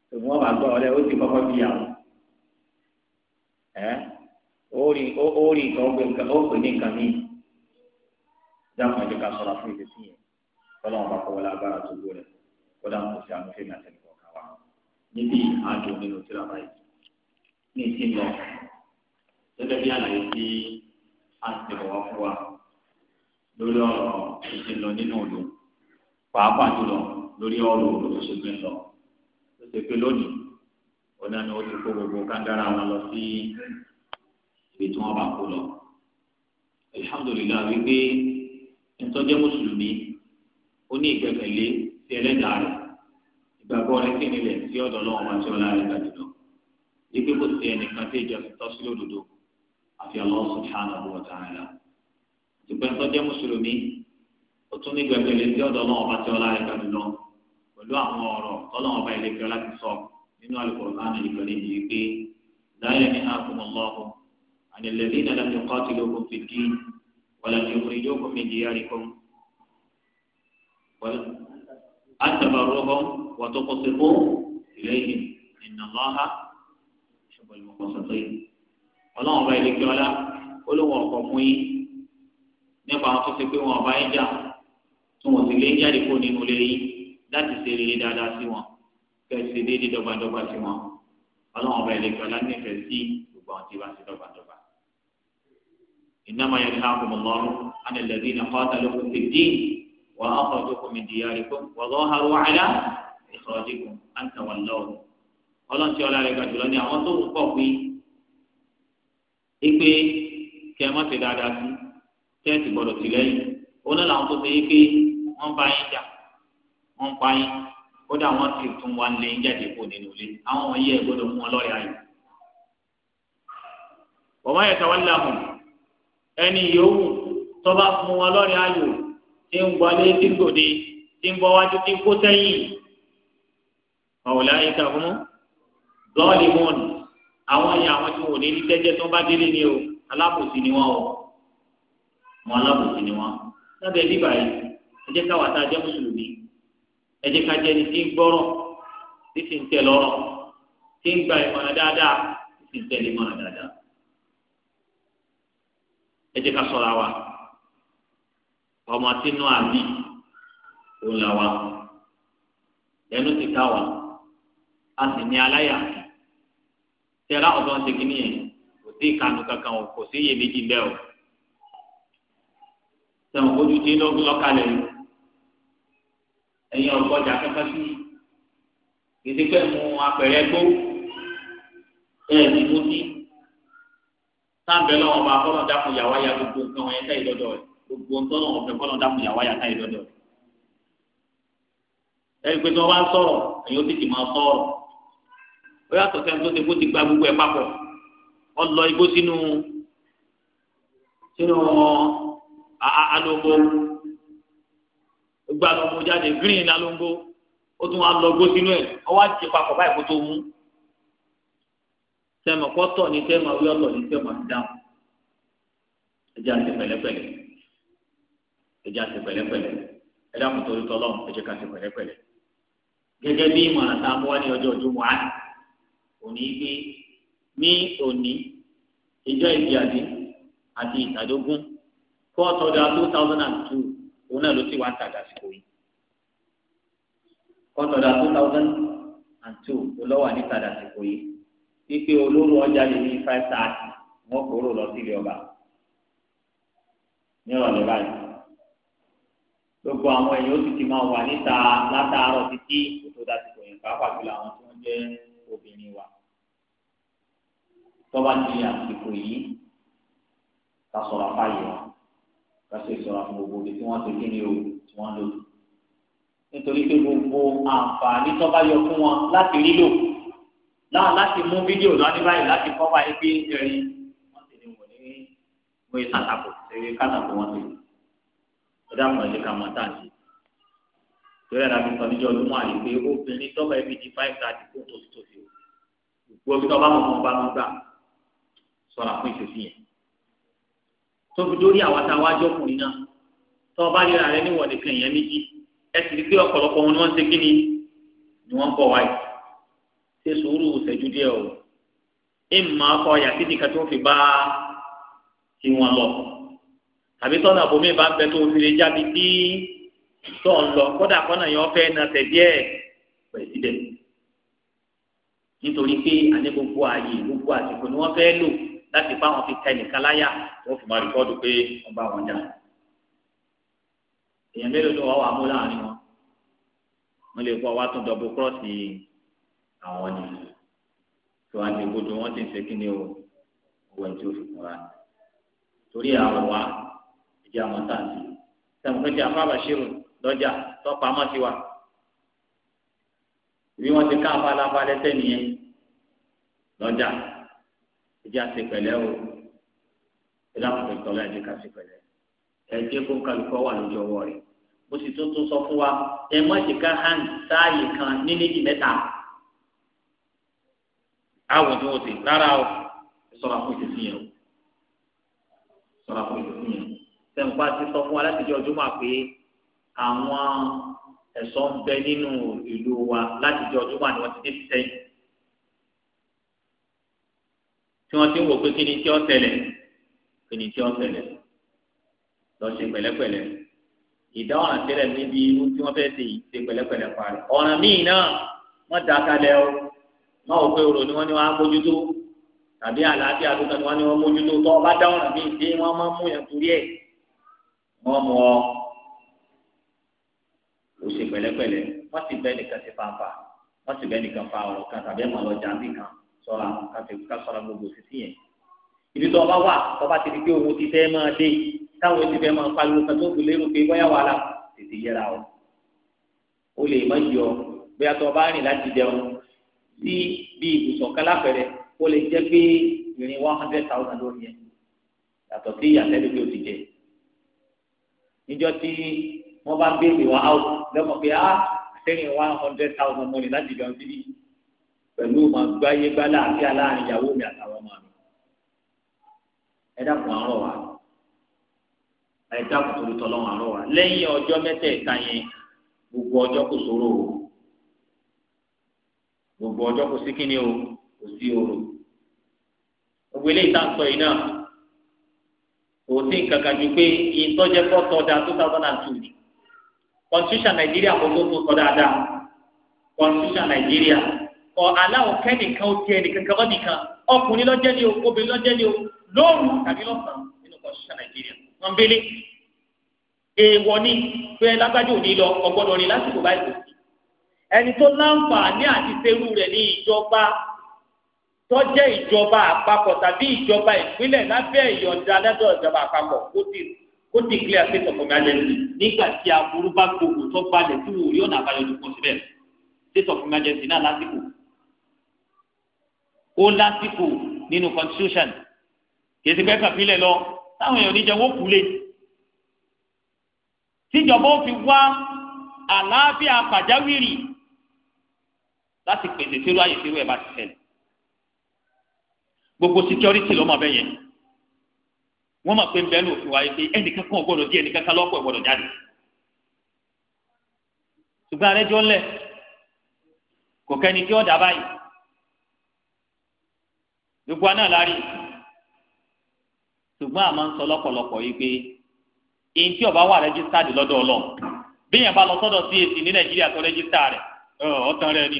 tòun wọn bá gbọ́ ọ̀rẹ́ ó ti kọ́kọ́ bí yà ẹ́ ó rí nǹkan ó pè ní nǹkan míì dáhùn ẹ̀jẹ̀ ká sọ̀rọ̀ fún ìdí sí yẹn tọ́lọ́wọ́n bá kọ́wọ́ lágbára tó gbó rẹ̀ kó dáhùn kò sí àánú fèmí àtẹnukọ̀ ká wà níbi àjò nínú tíra báyìí ní ìsìn lọ gẹ́gẹ́ bí àlàyé tí àtẹ̀wọ́ fún wa lórí ọ̀rọ̀ ìṣe lọ nínú òdo pàápàá jùlọ lórí ọ̀rọ̀ òdo tó ṣe gbìn lọ tó ṣe pé lónìí ọ̀nà ni ó ti kó gbogbo kádàrá wọn lọ sí ibi tí wọ́n bá kó lọ. alihamudulilayi wípé ìtọ́jẹ́ mùsùlùmí ó ní ìgbẹ́kẹ̀lé sí ẹlẹ́dàá rẹ̀ ìgbàgbọ́ rẹ̀ sí ìrìnlẹ̀ sí ọ̀dọ̀ ọlọ́run àti ọlá rẹ̀ gbàdúrà wípé kò sí ẹnìkan tí ìjọ ti sí lódodo àfi Allah subhanahu wa ta'ala dùpẹ́ ńtọ́jẹ́ mùsùlùmí ó tún ní gbẹgbẹlẹ tí ọ̀dọ̀ ọlọ́wọ́ bá ti ọlá rẹ̀ kàdùn pẹ̀lú àwọn ọ̀rọ̀ tọ́lọ́wọ́ bá ilé fi ọlá ti sọ nínú Al-Qur'an ìkànnì إليهم إن الله يحب المقسطين ọlọ́run bá ilé kíọ́lá ó ló wọn kọ̀ fún yín nípa àwọn tó ti pé wọn ọba ẹja tí wọn sì lé jáde kó nínú ilé yín láti ṣe rere dáadáa sí wọn kẹsì déédéé dọ́gbadọ́gba sí wọn ọlọ́run bá ilé kíọ́lá nífẹ̀ẹ́ sí gbogbo àwọn tí bá ti dọ́gbadọ́gba. إنما ينهاكم الله عن الذين قاتلوكم في الدين وأخرجوكم من دياركم وظاهروا على إخراجكم أن تولوهم. ọlọ́run ti ọlá rẹ̀ gbàdúrà ní àwọn ipe kẹ mọ ti dáadáa sí tẹǹtì gbọ́dọ̀ ti lẹ́yìn òun náà làwọn tó ṣe ipe wọn bá yín jà wọn pa yín kódà wọn ti tún wá lé jáde kó nínú ilé àwọn wọ̀nyí ẹ gbọ́dọ̀ mú wọn lọrẹ ayò. bọ̀mọ yẹn tàwọn làwọn ẹni yòówù tọ́ba mú wọn lọrẹ ayò tí ń wọlé tí ń gòde tí ń bọ́ wájú ń kó sẹ́yìn. ọ̀wọ̀lá yìí kà fún lọ́ọ̀lì mọ́ọ̀nù àwọn yẹn àwọn tí wọn ní ní tẹ́jẹ́ tó bá délé ni o alábòsí ni wọn o wọn alábòsí ni wọn lábẹ́ bíbá yìí ẹ jẹ́ káwa tá a jẹ́ mùsùlùmí ẹ jẹ́ ká jẹ́ ni tí ń gbọ́rọ̀ tí sì ń tẹ̀ lọ́rọ̀ tí ń gba ìmọ̀ràn dáadáa tí sì ń tẹ̀lé ìmọ̀ràn dáadáa ẹ jẹ́ ká ṣọ́ra wa ọmọ tí nù àbí òun là wa ẹnu ti ká wa a sì ní aláyà tẹ̀lé àwọn tó ń ṣe kínní yẹn kò sí ìkànnì kankan o kò sí iyèméjì ń bẹ o sẹ̀wọ̀n ojú tí lọ́kàlẹ̀ ẹ̀yin ọ̀gbọ́jà kankan sí kìsì pé apẹ̀rẹ̀ gbó ẹ̀ ní mo ní sáǹbẹ̀ lọ́wọ́ bá kọ́nà dákun yàwá ya gbogbo nǹkan wọn yẹn táyì dọ́dọ̀ rẹ̀ gbogbo nǹkan náà fẹ́ kọ́nà dákun yàwá ya táyì dọ́dọ̀ rẹ̀ ẹ̀ ó yàtọ̀ sẹ́ni tó ti kó ti gba gbogbo ẹ̀ papọ̀ ọlọ igbó sínú sínú alóńgbò gba alóńgbò jáde green alóńgbò ó tún wá lọ igbó sínú ẹ̀ ọwọ́ àti papọ̀ báyìí kó tó mú sẹ́mi kọ́tọ̀ ní sẹ́mi àwí ọ̀tọ̀ ní sẹ́mi àti dáhùn ẹ̀jẹ̀ àti pẹ̀lẹ́pẹ̀lẹ́ ẹ̀jẹ̀ àti pẹ̀lẹ́pẹ̀lẹ́ ẹ̀dá kùtò orí tọ́lọ́ ẹ̀jẹ̀ kàti pẹ̀lẹ́pẹ̀lẹ́ gẹ́gẹ́ bí ìmọ̀ràn tá a mú wá ní ọjọ́ ọjọ́ mọ́ àná òní gbé ní òní ìjọ ìdí àdé àti ìtàdógún kóòtù ọdún two thousand and two òun náà ló sì wá ń tàdá síkò yìí kóòtù ọdún two thousand and two olówó àní tàdá síkò yìí wípé olóró ọjà lè ní five thirty wọn kò rò lọ sílé ọba nírọ̀lẹ́ báyìí gbogbo àwọn èèyàn ó sì ti máa wà níta látàárọ̀ títí kò tó yẹn pàápàá jùlọ àwọn tí wọ́n jẹ́ tọ́ba ti àsìkò yìí ká sọ̀rọ̀ afáyé wọn ká sì sọ̀rọ̀ fún gbogbo ibi tí wọ́n ti kí ni o tí wọ́n lò nítorí pé gbogbo àǹfààní tọ́ba yọ fún wọn láti lílò náà láti mú fídíò náà ní báyìí láti kọ́ wa ẹgbẹ́ ẹ̀rí wọ́n ti ní wọ̀ ní wọ́n yẹ sàtàkù ṣe kátàkù wọn ti ọjà mọ̀ ẹ̀jẹ̀ ká mọ̀ táǹtì torí ẹ̀rọ àbíkọ níjọ́ ọdún àyè pé obìnrin tọ́ba ẹbí di five thirty kó tó ti tó fi o gbogbo ibi tọ́ba mọ̀ mọ́ bá mọ́ gbà sọ̀rọ̀ fún ìṣòfin yẹn tóbi dórí àwọn tá ọkùnrin náà tó o bá ríra rẹ níwọ̀n nìkan èèyàn méjì ẹ sì rí pé ọ̀pọ̀lọpọ̀ wọn ni wọ́n ń ṣe kíni ni wọ́n ń bọ̀ wáyé ṣe sùúrù ṣẹ́jú díẹ̀ o ìmọ̀ ọkọ yàtí nìkan tó fi bá tiwọn lọ tàbí tọ́nà bòmí bá ń bẹ tó fi lè jáde tí tó ń lọ kódà kọ́nà yẹn fẹ́ na tẹ̀ díẹ̀ pẹ̀ nítorí pé àní gbogbo ààyè gbogbo àsìkò ni wọ́n fẹ́ lò láti bá wọn fi ka ẹnìkan láyà wọn fi máa rìkọ́dù pé wọn bá wọn jà èèyàn mélòó ló wà wà mú láàrin wọn wọn lè kó wa tún dọ̀bù kírọ́ọ̀sì àwọn ni tó wá ní gbódò wọn ti ń ṣe kí ni o owó ẹni tí ó fi kúnra torí àwọn wa ìdí àwọn táǹtì sẹ́wọ̀n pé tí afábà ṣírò lọ́jà tọ́pọ̀ amọ́ sí wa bí wọ́n ti ká afáláfá lẹ́sẹ̀ nìyẹn lọ́jà ẹjẹ́ àti pẹ̀lẹ́ o ẹjẹ́ àkùnrin tọ́lá ẹjẹ́ ká sí pẹ̀lẹ́ ẹjẹ́ kó kálukọ́ wà lójú ọwọ́ rẹ̀ mo sì tó tún sọ fún wa ẹ má ṣe ká hàn sáàyè kan ní méjì mẹ́ta àwọn tí wọ́n ti rárá o sọ̀rọ̀ àpò ìdè fìyàn o sọ̀rọ̀ àpò ìdè fìyàn sẹ̀ǹpá ti sọ fún wa láti jẹ́ ọdún máa pé àwọn ẹ̀sọ́ ń bẹ nínú ìlú wa láti jẹ́ ọdún máa ni wọ́n ti dé sẹ́yìn tí wọ́n ti ń wò pé kí ni tí ó tẹ̀lẹ̀ kí ni tí ó tẹ̀lẹ̀ lọ ṣe pẹ̀lẹ́pẹ̀lẹ́ ìdáhùn àtẹlẹ níbi irú tí wọ́n fẹ́ ṣe ṣe pẹ̀lẹ́pẹ̀lẹ́ parí ọ̀ràn míì náà wọ́n da kalẹ̀ o wọ́n ò pé orò ni wọ́n ní wọ́n á mójútó tàbí àlàáfíà tó tán ni wọ́n ní wọ́n mójútó tó ọba dá ọ̀ràn míì ṣé wọ́n máa mú yẹn torí ẹ̀ wọ́n mú ọ ó ṣe pẹ̀lẹ́pẹ̀lẹ́ wọ́n sì bẹ́ẹ̀ nìkan ṣe fanfa wọ́n sì bẹ́ẹ̀ nìkan fa ọ̀rọ̀ kan tàbí ẹ̀ mọ̀ lọ jàǹdì kan sọ̀ra ká sọ̀ra gbogbo títí yẹn ibi tó ọba wà tọba ti di pé owó ti fẹ́ máa dé táwọn ti fẹ́ máa pariwo kan tó fi lérò pé bóyá wàhálà tètè yẹra o o lè má yọ bóyá tó ọba rìn láti jẹun sí bí ibùsọ̀ kálápẹ̀rẹ̀ o lè jẹ́ pé ìrìn one hundred thousand lórí yẹn yàtọ̀ sí ìyàtẹ́lẹ́ bí o ti jẹ níjọ́ tí wọ́n bá gbé ìwà out lẹ́mọ̀ pé ah sẹ́yìn one hundred thousand mọ́ni láti jẹun síbí. pẹ̀lú máa gbáyé gbá láàfíà láàrin ìyàwó mi àtàwọn ọmọ mi ẹ dákun àárọ̀ wa ẹ dákun torí tọ́lọ́run àárọ̀ wa lẹ́yìn ọjọ́ mẹ́tẹ̀ẹ̀ta yẹn gbogbo ọjọ́ kò sóró o gbogbo ọjọ́ kò sí kíni o kò sí a sọ yìí náà kò sí nǹkan kan ju pé ìtọ́jẹ́ pọ̀ tọ́jà two thousand and two ni Nàìjíríà kò tó tó dáadáa ọ̀ aláwọ̀ kẹ́nìkan ó jẹ́ ẹnìkan kan nìkan ọkùnrin lọ́jẹ́ ni o obìnrin lọ́jẹ́ ni o lóru tàbí lọ́sàn-án nínú constitution nàìjíríà wọ́n bẹ́lẹ̀ èèwọ̀ ni pé lágbájú òní lọ ọgbọ́dọ̀ ni lásìkò báyìí kò sí ẹni tó láǹfààní àti serú rẹ̀ ní ìjọba tó jẹ́ ìjọba àpapọ̀ tàbí ìjọba ìpínlẹ̀ lábẹ́ ìyọ̀ǹda lẹ́dọ̀ ìjọba àpapọ̀ kó ti kó ti clear state of emergency nígbà tí aburú bá gbogbo tó gbalẹ̀ tí wò rí ọ̀nà àbáyọ tó pọ̀ síbẹ̀ state of emergency náà lásìkò ó lásìkò nínú constitution kìsì pẹ́ kàfilẹ̀ lọ táwọn èèyàn níjẹ wọ́n kú lé tíjọba ó fi wá àlàáfíà pàjáwìrì láti pèsè sírú àyè sírú ẹ̀ bá ti ṣẹlẹ̀ gbogbo security lọ́mọ bẹ́ẹ̀ yẹn wọ́n mọ̀ pé ń bẹ́ẹ̀ ní òfin wáyé pé ẹnìkan kan gbọ́dọ̀ di ẹnìkan kan lọ́pọ̀ gbọ́dọ̀ jáde ṣùgbọ́n àrẹ́jọ́ ńlẹ̀ kò kẹ́ni tí ó báyìí gbogbo aná la rí ṣùgbọ́n àmọ́ ń sọ lọ́pọ̀lọpọ̀ yìí pé èyí tí ọba wà rẹ́gísítàdì lọ́dọ̀ ọlọ́ bíyàn bá lọ sọ́dọ̀ CAC ní Nàìjíríà tó rẹ́gísítà rẹ̀ ọ̀tàn rẹ̀ ni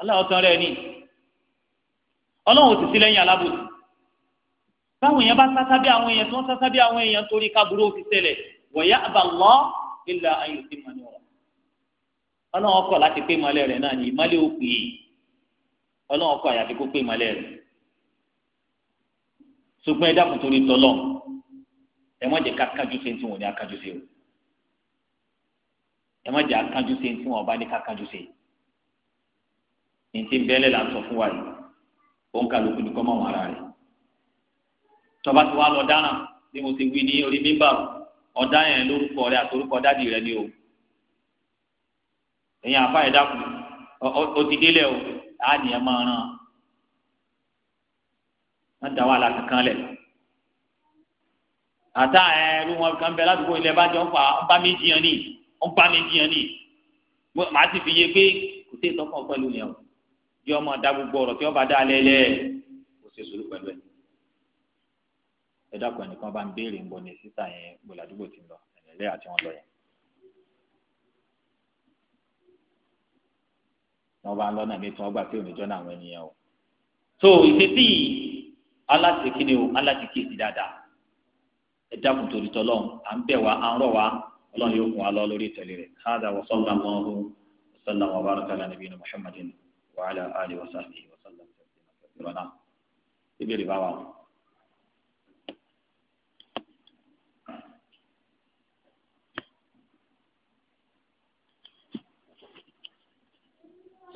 ọlọ́ọ̀tàn rẹ̀ ni ọlọ́run ò sì sí lẹ́yìn alábòsí báwọn èèyàn bá sásá bí àwọn èèyàn tí wọ́n sásá bí àwọn èèyàn torí kábúrò ti tẹ̀lẹ̀ wọ̀nyá àbàlọ́ ilà ayò ti mọ̀ ọ̀rọ̀ ọlọ́run ọkọ̀ láti pé ìmọ̀lẹ̀ rẹ̀ náà ní ìmọ̀lẹ̀ òpè yìí ọlọ́run kọ àyàfi kó pé ìmọ̀lẹ́ rẹ̀ ṣùgbọ́n ẹ dákun torí tọ́lọ́ ẹ má jẹ́ ká kájú ṣe tí wọ́n ní akájú ṣe o ẹ má jẹ́ akájú ṣe tí wọ́n bá ní ká ṣe ní ti là ń sọ fún wa yìí ó ń kálukú ní kọ́ mọ́ wọn ara rẹ̀ tọ́ba ti wá lọ dáná bí mo ti wí ní orí mímbà ọ̀dá yẹn lórúkọ rẹ̀ àtòrúkọ dádì rẹ̀ ni o ẹ̀yin àfa ẹ̀dá kù ó láàánì ẹ máa ràn wọn dá wàhálà kankan lẹ àtà ẹrú wọn kan bẹ ládùúgbò ilẹ̀ bá jọ ń fa ń bá mi jiyàn ní ń bá mi jiyàn ní màá ti fi yé pé kò sí ìtọ́kàn pẹ̀lú yẹn o bí ọmọ da gbogbo ọ̀rọ̀ tí ọba dá alẹ́ lẹ́ kò sí sùúrù pẹ̀lú ẹ̀ ẹ dákun ẹnìkan bá ń béèrè ń bọ̀ ní sísà yẹn gbọ̀ládùúgbò ti lọ ẹ̀lẹ́ àti wọn lọ yẹn. wọn bá ń lọ́nà mi tí wọ́n gbà tí o. so ìṣesí yìí o aláti kíyèsí dáadáa ẹ dákun torí tọ́lọ́run à ń bẹ̀ wá à ń rọ̀ wá ọlọ́run yóò kún wa lọ lórí ìtẹ̀lé rẹ̀ hádà wa sallallahu wa sallam